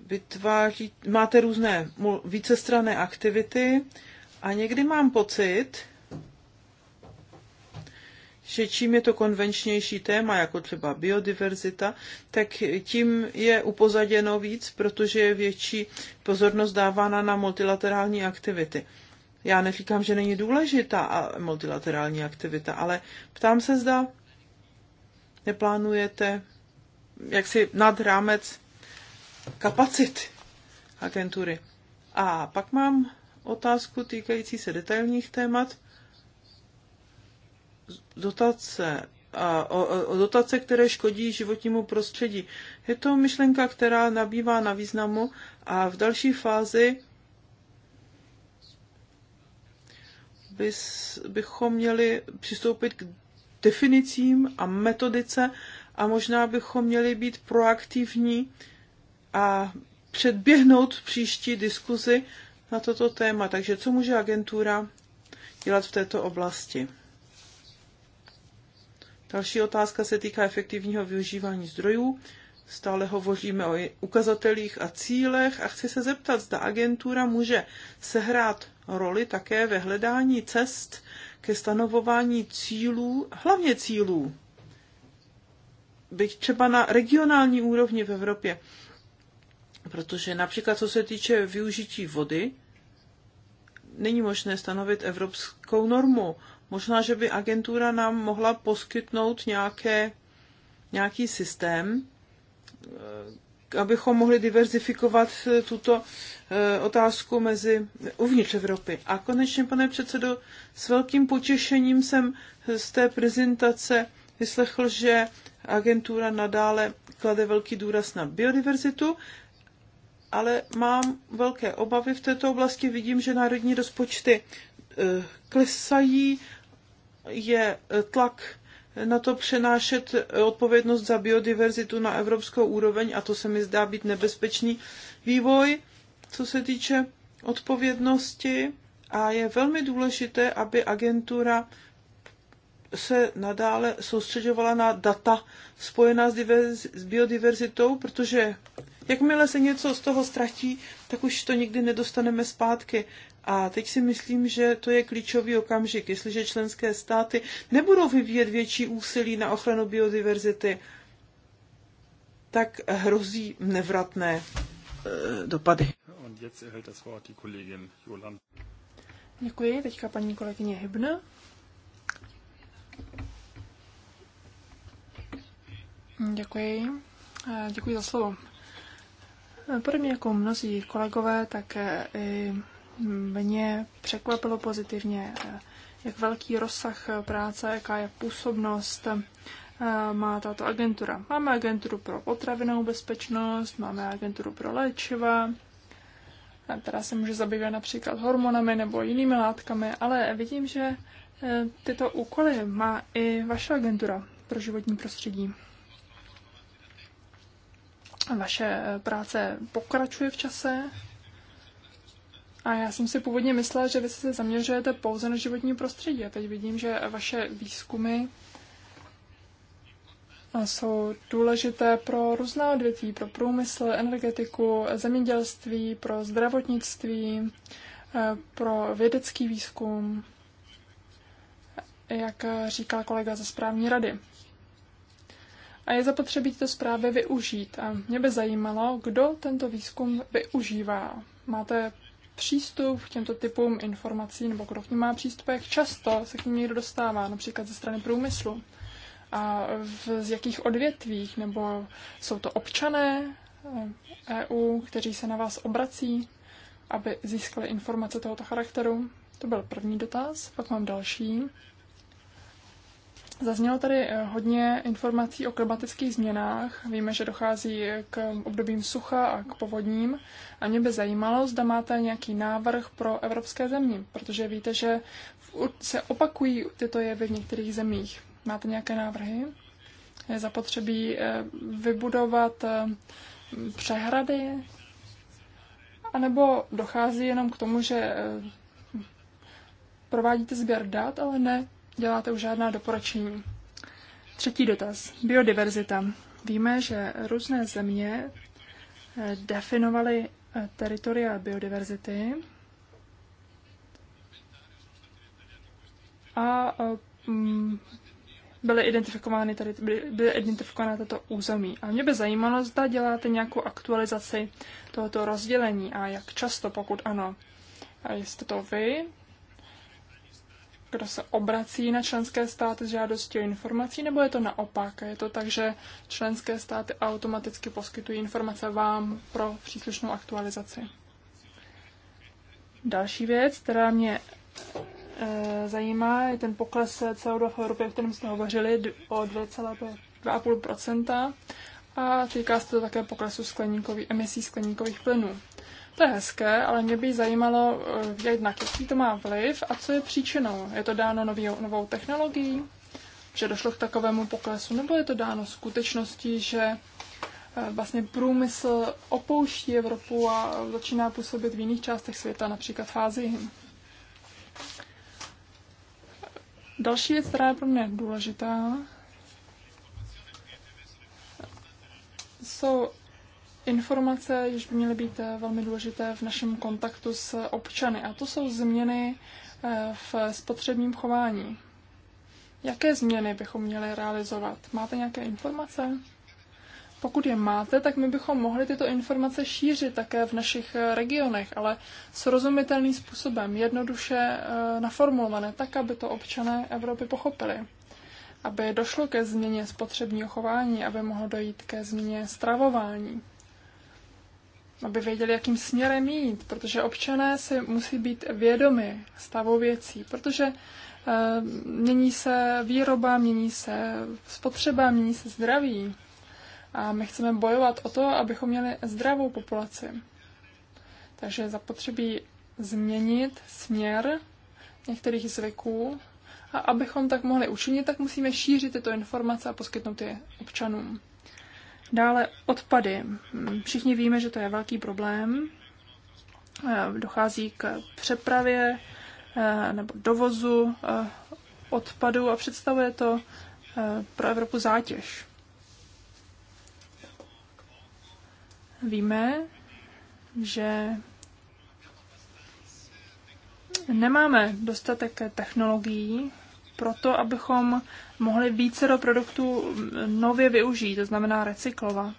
Vytváří, máte různé vícestrané aktivity a někdy mám pocit, že čím je to konvenčnější téma, jako třeba biodiverzita, tak tím je upozaděno víc, protože je větší pozornost dávána na multilaterální aktivity. Já neříkám, že není důležitá a multilaterální aktivita, ale ptám se, zda neplánujete jaksi nad rámec kapacit agentury. A pak mám otázku týkající se detailních témat. Dotace, a, o, o dotace, které škodí životnímu prostředí. Je to myšlenka, která nabývá na významu a v další fázi bys, bychom měli přistoupit k definicím a metodice a možná bychom měli být proaktivní a předběhnout příští diskuzi na toto téma. Takže co může agentura dělat v této oblasti? Další otázka se týká efektivního využívání zdrojů. Stále hovoříme o ukazatelích a cílech a chci se zeptat, zda agentura může sehrát roli také ve hledání cest ke stanovování cílů, hlavně cílů, byť třeba na regionální úrovni v Evropě. Protože například co se týče využití vody, není možné stanovit evropskou normu. Možná, že by agentura nám mohla poskytnout nějaké, nějaký systém, abychom mohli diverzifikovat eh, tuto eh, otázku mezi eh, uvnitř Evropy. A konečně, pane předsedo, s velkým potěšením jsem z té prezentace vyslechl, že agentura nadále klade velký důraz na biodiverzitu, ale mám velké obavy v této oblasti. Vidím, že národní rozpočty klesají, je tlak na to přenášet odpovědnost za biodiverzitu na evropskou úroveň a to se mi zdá být nebezpečný vývoj, co se týče odpovědnosti a je velmi důležité, aby agentura se nadále soustředovala na data spojená s, diverz, s biodiverzitou, protože jakmile se něco z toho ztratí, tak už to nikdy nedostaneme zpátky. A teď si myslím, že to je klíčový okamžik. Jestliže členské státy nebudou vyvíjet větší úsilí na ochranu biodiverzity, tak hrozí nevratné eh, dopady. Děkuji, teďka paní kolegyně Hybna. Děkuji. Eh, děkuji za slovo. Eh, podobně jako mnozí kolegové, tak i mě překvapilo pozitivně, jak velký rozsah práce, jaká je působnost eh, má tato agentura. Máme agenturu pro potravinovou bezpečnost, máme agenturu pro léčiva, eh, která se může zabývat například hormonami nebo jinými látkami, ale vidím, že eh, tyto úkoly má i vaše agentura pro životní prostředí. Vaše práce pokračuje v čase, a já jsem si původně myslela, že vy se zaměřujete pouze na životní prostředí. A teď vidím, že vaše výzkumy jsou důležité pro různá odvětví, pro průmysl, energetiku, zemědělství, pro zdravotnictví, pro vědecký výzkum, jak říká kolega ze správní rady. A je zapotřebí to zprávy využít. A mě by zajímalo, kdo tento výzkum využívá. Máte přístup k těmto typům informací, nebo kdo k ním má přístup, jak často se k ním někdo dostává, například ze strany průmyslu. A v, z jakých odvětvích, nebo jsou to občané EU, eh, e kteří se na vás obrací, aby získali informace tohoto charakteru? To byl první dotaz, pak mám další. Zaznělo tady eh, hodně informací o klimatických změnách. Víme, že dochází k obdobím sucha a k povodním. A mě by zajímalo, zda máte nějaký návrh pro evropské země, protože víte, že se opakují tyto jevy v některých zemích. Máte nějaké návrhy? Je zapotřebí eh, vybudovat eh, přehrady? A nebo dochází jenom k tomu, že provádíte sběr dat, ale ne děláte už žádná doporučení. Třetí dotaz. Biodiverzita. Víme, že různé země eh, definovaly eh, teritoria biodiverzity a eh, mm, byly identifikovány tady, byly, identifikovány identifikována tato území. A mě by zajímalo, zda děláte nějakou aktualizaci tohoto rozdělení a jak často, pokud ano. A jste to vy, kdo se obrací na členské státy s žádostí o informací, nebo je to naopak? Je to tak, že členské státy automaticky poskytují informace vám pro příslušnou aktualizaci? Další věc, která mě e, zajímá, je ten pokles CO2 v Evropě, o kterém jsme hovořili, o 2,5 a týká se to také poklesu skleníkových, emisí skleníkových plynů. To je hezké, ale mě by zajímalo eh, na jaký to má vliv a co je příčinou. Je to dáno nový, novou technologií, že došlo k takovému poklesu, nebo je to dáno skutečností, že eh, vlastně průmysl opouští Evropu a začíná působit v jiných částech světa, například v Ázii. Další věc, která je pro mě důležitá, jsou informace, jež by měly být eh, velmi důležité v našem kontaktu s občany. A to jsou změny eh, v spotřebním chování. Jaké změny bychom měli realizovat? Máte nějaké informace? Pokud je máte, tak my bychom mohli tyto informace šířit také v našich eh, regionech, ale srozumitelným způsobem, jednoduše naformulované, tak, aby to občané Evropy pochopili. Aby došlo ke změně spotřebního chování, aby mohlo dojít ke změně stravování aby věděli, jakým směrem jít, protože občané si musí být vědomi stavu věcí, protože e, mění se výroba, mění se spotřeba, mění se zdraví. A my chceme bojovat o to, abychom měli zdravou populaci. Takže zapotřebí změnit směr některých zvyků a abychom tak mohli učinit, tak musíme šířit tyto informace a poskytnout je občanům. Dále odpady. Všichni víme, že to je velký problém. Eh, dochází k přepravě eh, nebo dovozu eh, odpadu a představuje to pro Evropu zátěž. Víme, že nemáme dostatek technologií proto, abychom mohli více do produktů nově využít, to znamená recyklovat.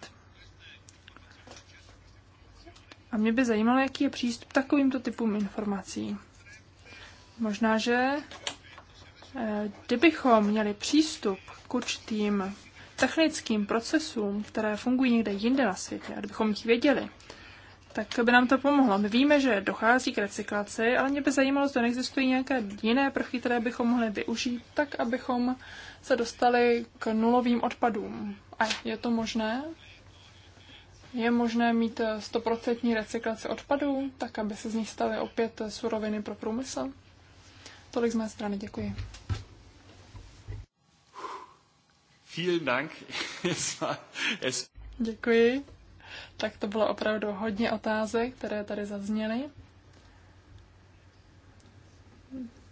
A mě by zajímalo, jaký je přístup takovýmto typům informací. Možná, že eh, kdybychom měli přístup k určitým technickým procesům, které fungují někde jinde na světě, a kdybychom jich věděli, tak by nám to pomohlo. My víme, že dochází k recyklaci, ale mě by zajímalo, zda neexistují nějaké jiné prvky, které bychom mohli využít, tak abychom se dostali k nulovým odpadům. A je to možné? Je možné mít stoprocentní recyklaci odpadů, tak aby se z nich staly opět suroviny pro průmysl? Tolik z mé strany, děkuji. Vielen Dank. Děkuji tak to bylo opravdu hodně otázek, které tady zazněly.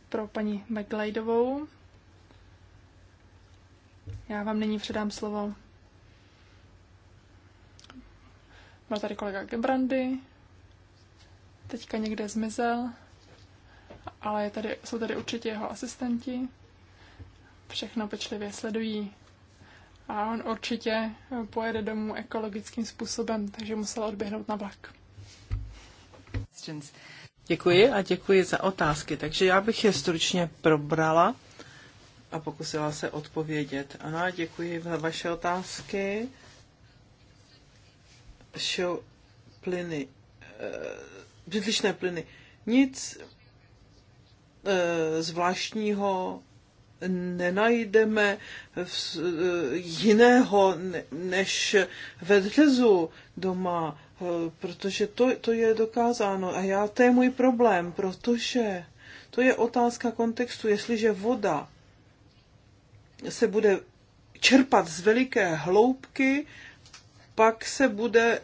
Pro paní McGlidovou. Já vám nyní předám slovo. Byl tady kolega Gebrandy, teďka někde zmizel, ale je tady, jsou tady určitě jeho asistenti. Všechno pečlivě sledují a on určitě pojede domů ekologickým způsobem, takže musel odběhnout na vlak. Děkuji a děkuji za otázky. Takže já bych je stručně probrala a pokusila se odpovědět. Ano, děkuji za vaše otázky. Show plyny, eh, břidličné plyny. Nic eh, zvláštního nenajdeme eh, jiného než vedřezu doma, eh, protože to, to je dokázáno. A já, to je můj problém, protože to je otázka kontextu. Jestliže voda se bude čerpat z veliké hloubky, pak se bude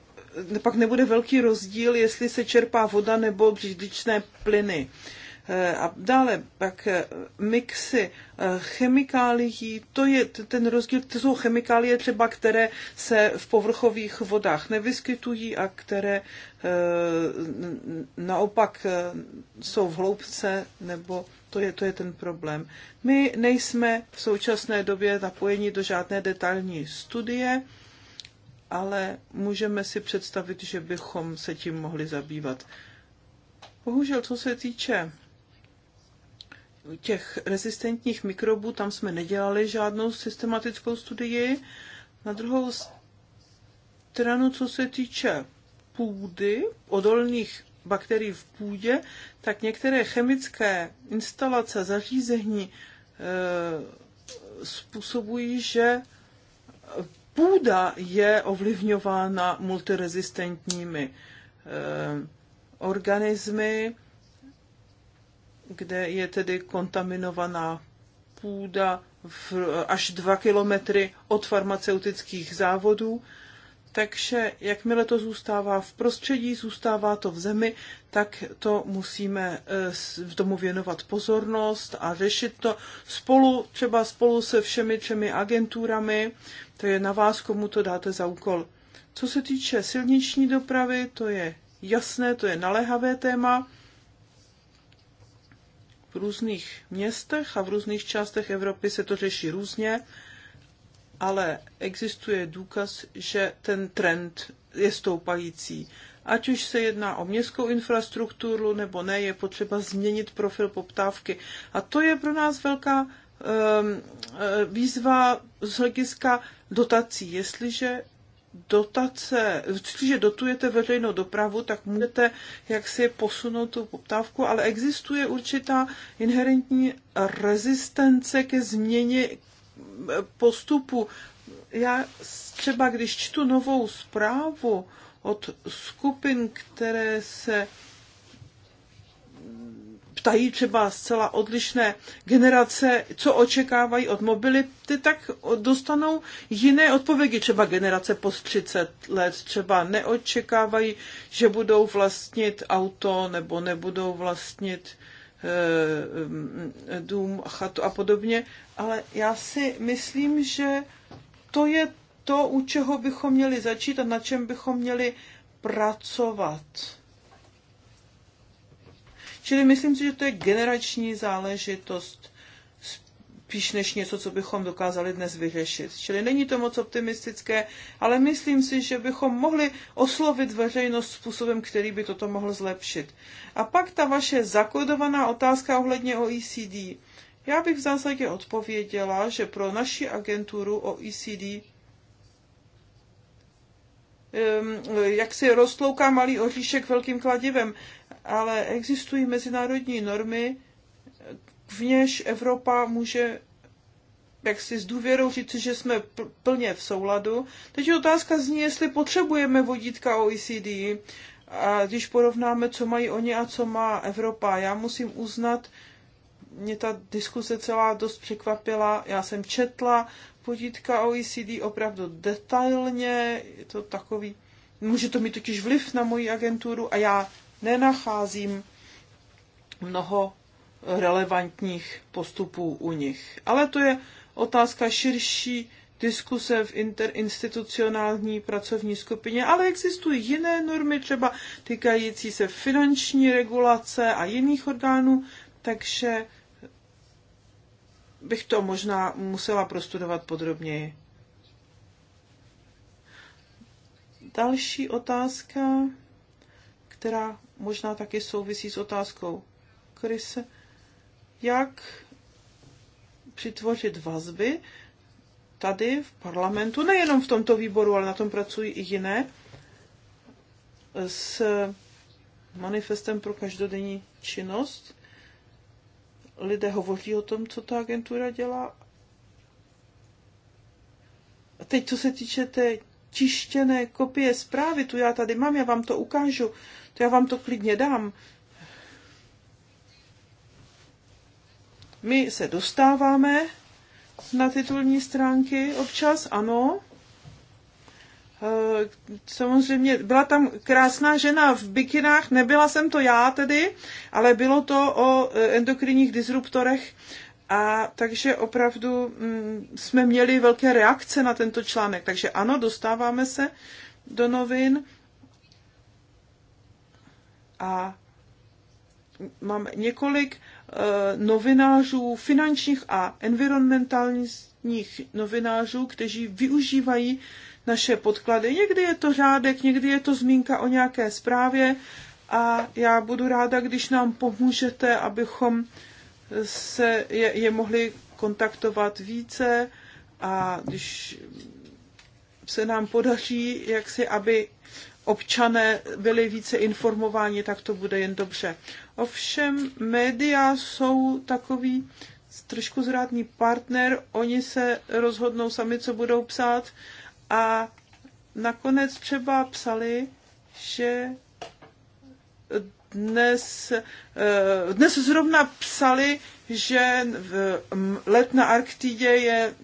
pak nebude velký rozdíl, jestli se čerpá voda nebo břidličné plyny. Uh, Eh, a dále pak eh, mixy eh, chemikálií, to je ten rozdíl, to jsou chemikálie třeba, které se v povrchových vodách nevyskytují a které naopak jsou v hloubce, nebo to je, to je ten problém. My nejsme v současné době napojeni do žádné detailní studie, ale můžeme si představit, že bychom se tím mohli zabývat. Bohužel, co se týče těch rezistentních mikrobů, tam jsme nedělali žádnou systematickou studii. Na druhou stranu, co se týče půdy, odolných bakterií v půdě, tak některé chemické instalace, zařízení e, způsobují, že půda je ovlivňována multirezistentními e, organismy kde je tedy kontaminovaná půda v, až dva kilometry od farmaceutických závodů. Takže jakmile to zůstává v prostředí, zůstává to v zemi, tak to musíme eh, tomu věnovat pozornost a řešit to spolu, třeba spolu se všemi třemi agenturami. To je na vás, komu to dáte za úkol. Co se týče silniční dopravy, to je jasné, to je naléhavé téma v různých městech a v různých částech Evropy se to řeší různě, ale existuje důkaz, že ten trend je stoupající. Ať už se jedná o městskou infrastrukturu nebo ne, je potřeba změnit profil poptávky. A to je pro nás velká ehm, e, výzva z hlediska dotací. Jestliže dotace, že dotujete veřejnou dopravu, tak můžete jaksi posunout tu poptávku, ale existuje určitá inherentní rezistence ke změně postupu. Já třeba, když čtu novou zprávu od skupin, které se ptají třeba zcela odlišné generace, co očekávají od mobility, tak dostanou jiné odpovědi. Třeba generace po 30 let třeba neočekávají, že budou vlastnit auto nebo nebudou vlastnit e, dům, chatu a podobně, ale já si myslím, že to je to, u čeho bychom měli začít a na čem bychom měli pracovat Čili myslím si, že to je generační záležitost spíš než něco, co bychom dokázali dnes vyřešit. Čili není to moc optimistické, ale myslím si, že bychom mohli oslovit veřejnost způsobem, který by toto mohl zlepšit. A pak ta vaše zakodovaná otázka ohledně OECD. Já bych v zásadě odpověděla, že pro naši agenturu OECD ehm, jak si roztlouká malý oříšek velkým kladivem ale existují mezinárodní normy, v něž Evropa může jak si s důvěrou říci, že jsme plně v souladu. Teď otázka zní, jestli potřebujeme vodítka OECD, a když porovnáme, co mají oni a co má Evropa. Já musím uznat, mě ta diskuse celá dost překvapila. Já jsem četla vodítka OECD opravdu detailně, je to takový, může to mít totiž vliv na moji agenturu a já nenacházím mnoho relevantních postupů u nich. Ale to je otázka širší diskuse v interinstitucionální pracovní skupině, ale existují jiné normy, třeba týkající se finanční regulace a jiných orgánů, takže bych to možná musela prostudovat podrobněji. Další otázka která možná taky souvisí s otázkou Chris, jak přitvořit vazby tady v parlamentu, nejenom v tomto výboru, ale na tom pracují i jiné, s manifestem pro každodenní činnost. Lidé hovoří o tom, co ta agentura dělá. A teď, co se týče té tištěné kopie zprávy, tu já tady mám, já vám to ukážu. To já vám to klidně dám. My se dostáváme na titulní stránky občas, ano. E, samozřejmě byla tam krásná žena v bikinách, nebyla jsem to já tedy, ale bylo to o endokrinních disruptorech, a takže opravdu mm, jsme měli velké reakce na tento článek. Takže ano, dostáváme se do novin a mám několik eh, novinářů, finančních a environmentálních novinářů, kteří využívají naše podklady. Někdy je to řádek, někdy je to zmínka o nějaké zprávě a já budu ráda, když nám pomůžete, abychom se je, je mohli kontaktovat více a když se nám podaří, jak si, aby občané byli více informováni, tak to bude jen dobře. Ovšem média jsou takový trošku zrádný partner, oni se rozhodnou sami, co budou psát a nakonec třeba psali, že dnes, eh, dnes zrovna psali, že let na Arktidě je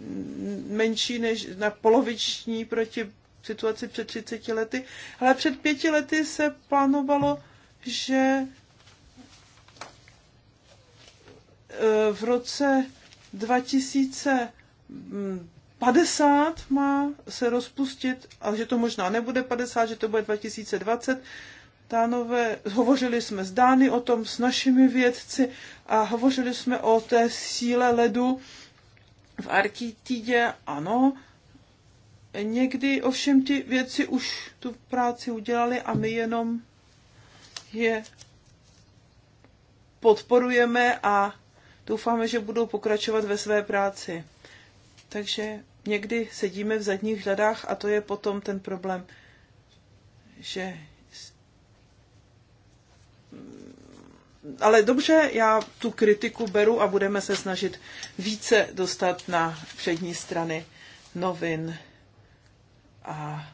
menší než na poloviční proti situaci před 30 lety, ale před pěti lety se plánovalo, že eh, v roce 2050 má se rozpustit, ale že to možná nebude 50, že to bude 2020. Tánové, hovořili jsme s Dány o tom, s našimi vědci a hovořili jsme o té síle ledu v Arktidě, ano, Někdy ovšem ty věci už tu práci udělali a my jenom je podporujeme a doufáme, že budou pokračovat ve své práci. Takže někdy sedíme v zadních řadách a to je potom ten problém, že ale dobře, já tu kritiku beru a budeme se snažit více dostat na přední strany novin a,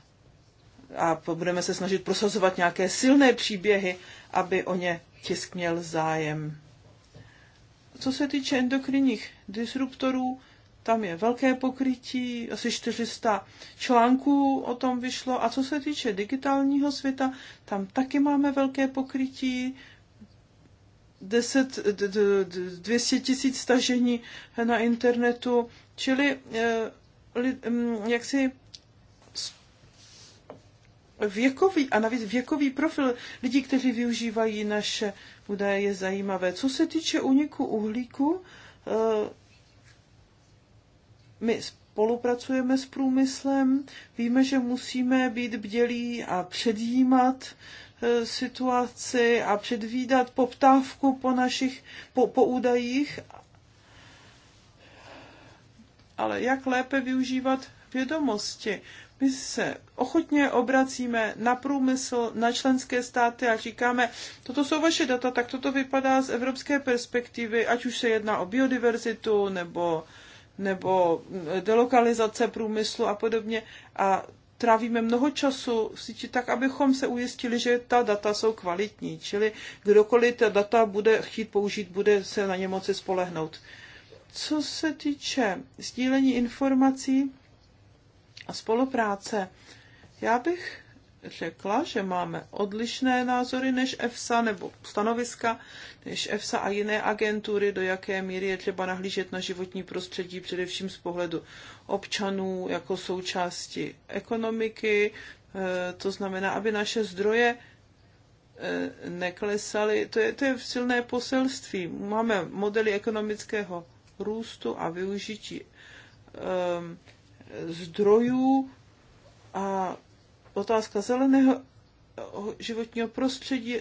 a budeme se snažit prosazovat nějaké silné příběhy, aby o ně tisk měl zájem. Co se týče endokrinních disruptorů, tam je velké pokrytí, asi 400 článků o tom vyšlo. A co se týče digitálního světa, tam taky máme velké pokrytí, 10, 200 tisíc stažení na internetu, čili eh, mm, jak si věkový a navíc věkový profil lidí, kteří využívají naše údaje, je zajímavé. Co se týče úniku uhlíku, eh, my spolupracujeme s průmyslem, víme, že musíme být bdělí a předjímat eh, situaci a předvídat poptávku po našich, po, po údajích, ale jak lépe využívat vědomosti. My se ochotně obracíme na průmysl, na členské státy a říkáme, toto jsou vaše data, tak toto vypadá z evropské perspektivy, ať už se jedná o biodiverzitu nebo, nebo mm, delokalizace průmyslu a podobně. A trávíme mnoho času v síti tak, abychom se ujistili, že ta data jsou kvalitní. Čili kdokoliv ta data bude chtít použít, bude se na ně moci spolehnout. Co se týče sdílení informací, a spolupráce. Já bych řekla, že máme odlišné názory než EFSA nebo stanoviska než EFSA a jiné agentury, do jaké míry je třeba nahlížet na životní prostředí, především z pohledu občanů jako součásti ekonomiky, e, to znamená, aby naše zdroje e, neklesaly. To je, to je silné poselství. Máme modely ekonomického růstu a využití e, zdrojů a otázka zeleného životního prostředí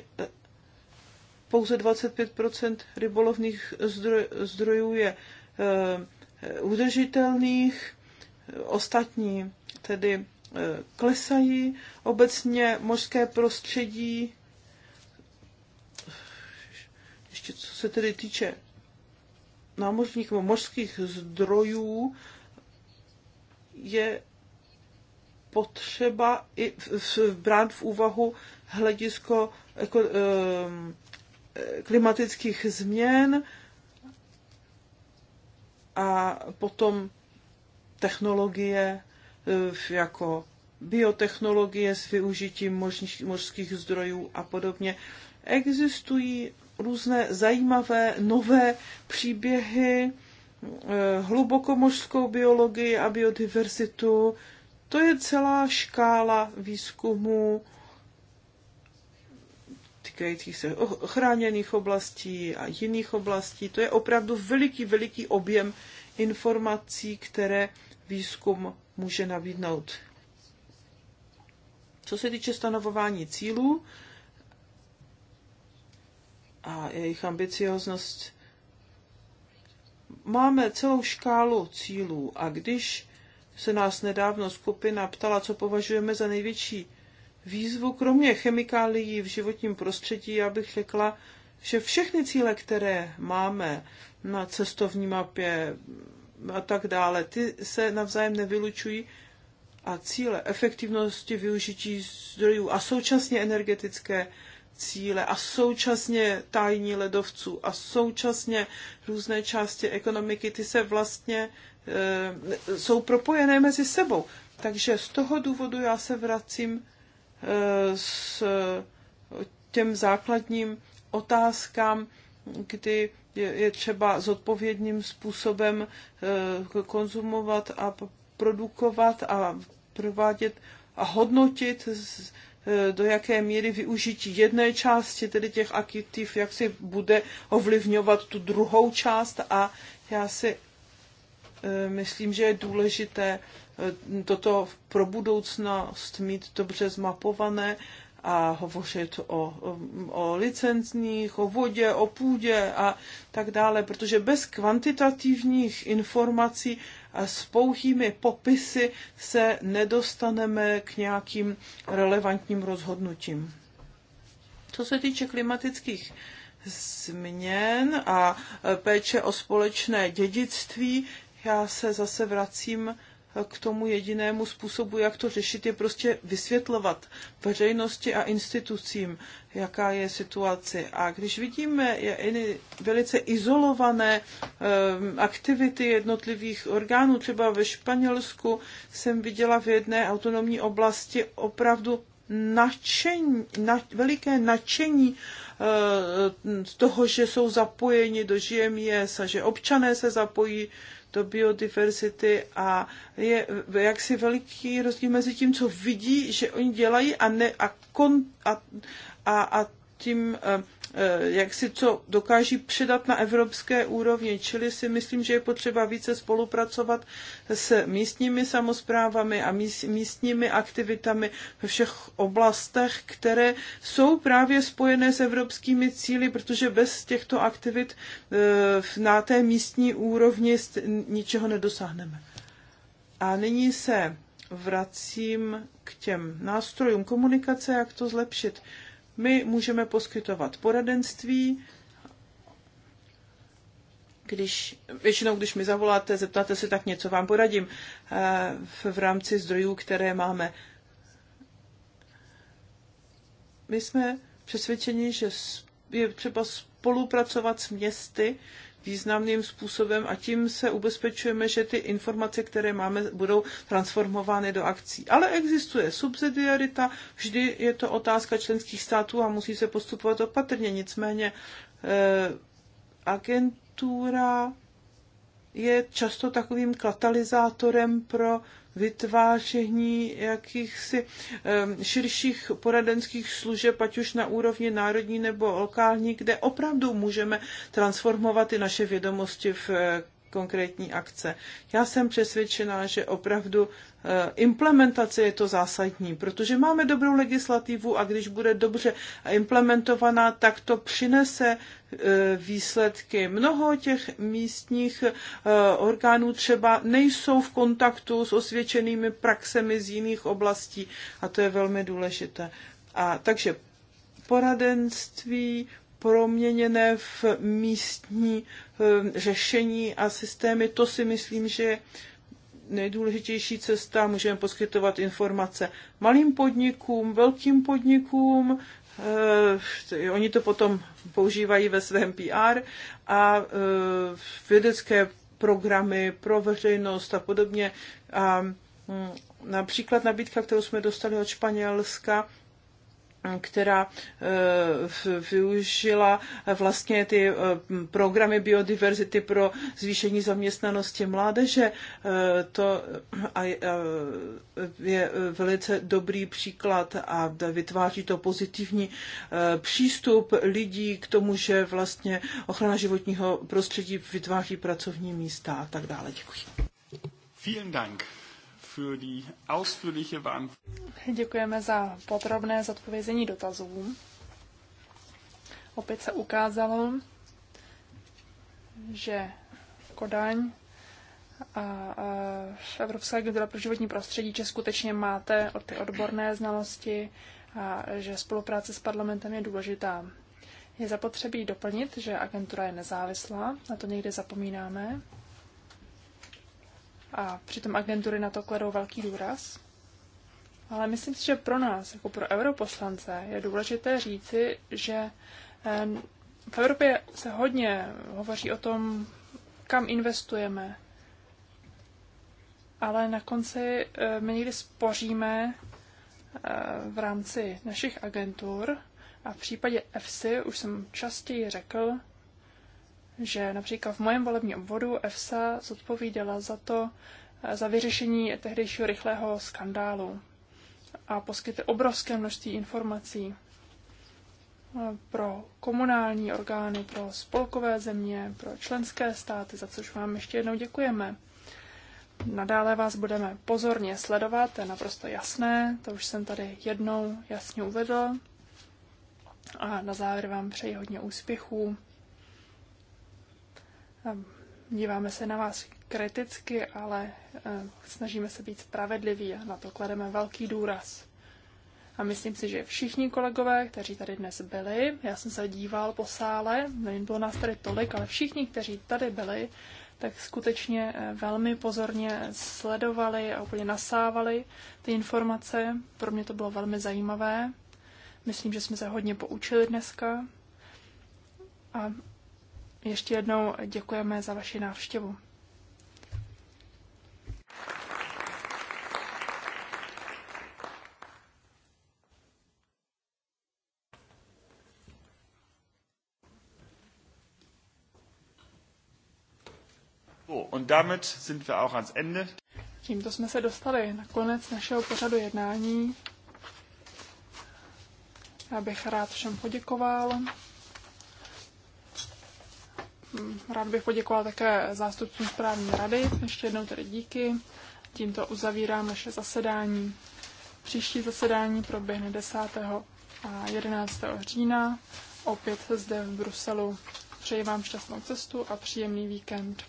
pouze 25 rybolovných zdroj, zdrojů je e, udržitelných, ostatní tedy e, klesají. Obecně mořské prostředí, ještě co se tedy týče námořních nebo mořských zdrojů, je potřeba i brát v úvahu hledisko jako, klimatických změn a potom technologie eh, jako biotechnologie s využitím mořských zdrojů a podobně. Existují různé zajímavé nové příběhy, Eh, hlubokomořskou biologii a biodiverzitu. To je celá škála výzkumu týkajících se ochráněných oblastí a jiných oblastí. To je opravdu veliký, veliký objem informací, které výzkum může nabídnout. Co se týče stanovování cílů a jejich ambicioznost, máme celou škálu cílů a když se nás nedávno skupina ptala, co považujeme za největší výzvu, kromě chemikálií v životním prostředí, já bych řekla, že všechny cíle, které máme na cestovní mapě a tak dále, ty se navzájem nevylučují a cíle efektivnosti využití zdrojů a současně energetické cíle a současně tajní ledovců a současně různé části ekonomiky, ty se vlastně e, jsou propojené mezi sebou. Takže z toho důvodu já se vracím e, s těm základním otázkám, kdy je třeba zodpovědným způsobem eh, konzumovat a produkovat a provádět a hodnotit E, do jaké míry využití jedné části, tedy těch aktiv, jak si bude ovlivňovat tu druhou část a já si e, myslím, že je důležité e, toto pro budoucnost mít dobře zmapované a hovořit o, o licencních, o vodě, o půdě a tak dále, protože bez kvantitativních informací a s pouhými popisy se nedostaneme k nějakým relevantním rozhodnutím. Co se týče klimatických změn a péče o společné dědictví, já se zase vracím k tomu jedinému způsobu, jak to řešit, je prostě vysvětlovat veřejnosti a institucím, jaká je situace. A když vidíme velice izolované ehm, aktivity jednotlivých orgánů, třeba ve Španělsku jsem viděla v jedné autonomní oblasti opravdu nadšení, na, veliké nadšení z ehm, toho, že jsou zapojeni do GMS a že občané se zapojí do biodiverzity a je jaksi veliký rozdíl mezi tím, co vidí, že oni dělají a, ne, a, kon, a, a, a tím eh, Eh, jak si co dokáží předat na evropské úrovni. Čili si myslím, že je potřeba více spolupracovat s místními samozprávami a místními aktivitami ve všech oblastech, které jsou právě spojené s evropskými cíly, protože bez těchto aktivit eh, na té místní úrovni ničeho nedosáhneme. A nyní se vracím k těm nástrojům komunikace, jak to zlepšit. My můžeme poskytovat poradenství, když, většinou, když mi zavoláte, zeptáte se, tak něco vám poradím eh, v rámci zdrojů, které máme. My jsme přesvědčeni, že je třeba spolupracovat s městy, významným způsobem a tím se ubezpečujeme, že ty informace, které máme, budou transformovány do akcí. Ale existuje subsidiarita, vždy je to otázka členských států a musí se postupovat opatrně. Nicméně eh, agentura je často takovým katalyzátorem pro vytváření jakýchsi širších poradenských služeb, ať už na úrovni národní nebo lokální, kde opravdu můžeme transformovat i naše vědomosti v konkrétní akce. Já jsem přesvědčená, že opravdu eh, implementace je to zásadní, protože máme dobrou legislativu a když bude dobře implementovaná, tak to přinese eh, výsledky. Mnoho těch místních eh, orgánů třeba nejsou v kontaktu s osvědčenými praxemi z jiných oblastí a to je velmi důležité. A takže poradenství, proměněné v místní ehm, řešení a systémy. To si myslím, že je nejdůležitější cesta. Můžeme poskytovat informace malým podnikům, velkým podnikům, ehm, oni to potom používají ve svém PR a ehm, vědecké programy pro veřejnost a podobně. A hm, například nabídka, kterou jsme dostali od Španělska, která e, využila vlastně ty e, programy biodiverzity pro zvýšení zaměstnanosti mládeže. E, to je velice dobrý příklad a vytváří to pozitivní přístup lidí k tomu, že vlastně ochrana životního prostředí vytváří pracovní místa a tak dále. Děkuji. Vielen Dank für die ausführliche Beantwortung. Děkujeme za podrobné zodpovězení dotazů. Opět se ukázalo, že Kodaň a Evropská agentura pro životní prostředí, že skutečně máte od ty odborné znalosti a že spolupráce s parlamentem je důležitá. Je zapotřebí doplnit, že agentura je nezávislá, na to někdy zapomínáme. A přitom agentury na to kladou velký důraz. Ale myslím si, že pro nás, jako pro europoslance, je důležité říci, že v Evropě se hodně hovoří o tom, kam investujeme. Ale na konci eh, my někdy spoříme eh, v rámci našich agentur a v případě EFSI, už jsem častěji řekl, že například v mojem volebním obvodu EFSA zodpovídala za to, za vyřešení tehdejšího rychlého skandálu a poskytly obrovské množství informací eh, pro komunální orgány, pro spolkové země, pro členské státy, za což vám ještě jednou děkujeme. Nadále vás budeme pozorně sledovat, to je naprosto jasné, to už jsem tady jednou jasně uvedl. A na závěr vám přeji hodně úspěchů Díváme se na vás kriticky, ale e, snažíme se být spravedliví a na to klademe velký důraz. A myslím si, že všichni kolegové, kteří tady dnes byli, já jsem se díval po sále, nevím, bylo nás tady tolik, ale všichni, kteří tady byli, tak skutečně e, velmi pozorně sledovali a úplně nasávali ty informace. Pro mě to bylo velmi zajímavé. Myslím, že jsme se hodně poučili dneska. A ještě jednou děkujeme za vaši návštěvu. Und damit sind wir auch ans Ende. Tímto jsme se dostali na konec našeho pořadu jednání. Já bych rád všem poděkoval. Rád bych poděkoval také zástupcům správní rady. Ještě jednou tedy díky. Tímto uzavírám naše zasedání. Příští zasedání proběhne 10. a 11. října, opět zde v Bruselu. Přeji vám šťastnou cestu a příjemný víkend.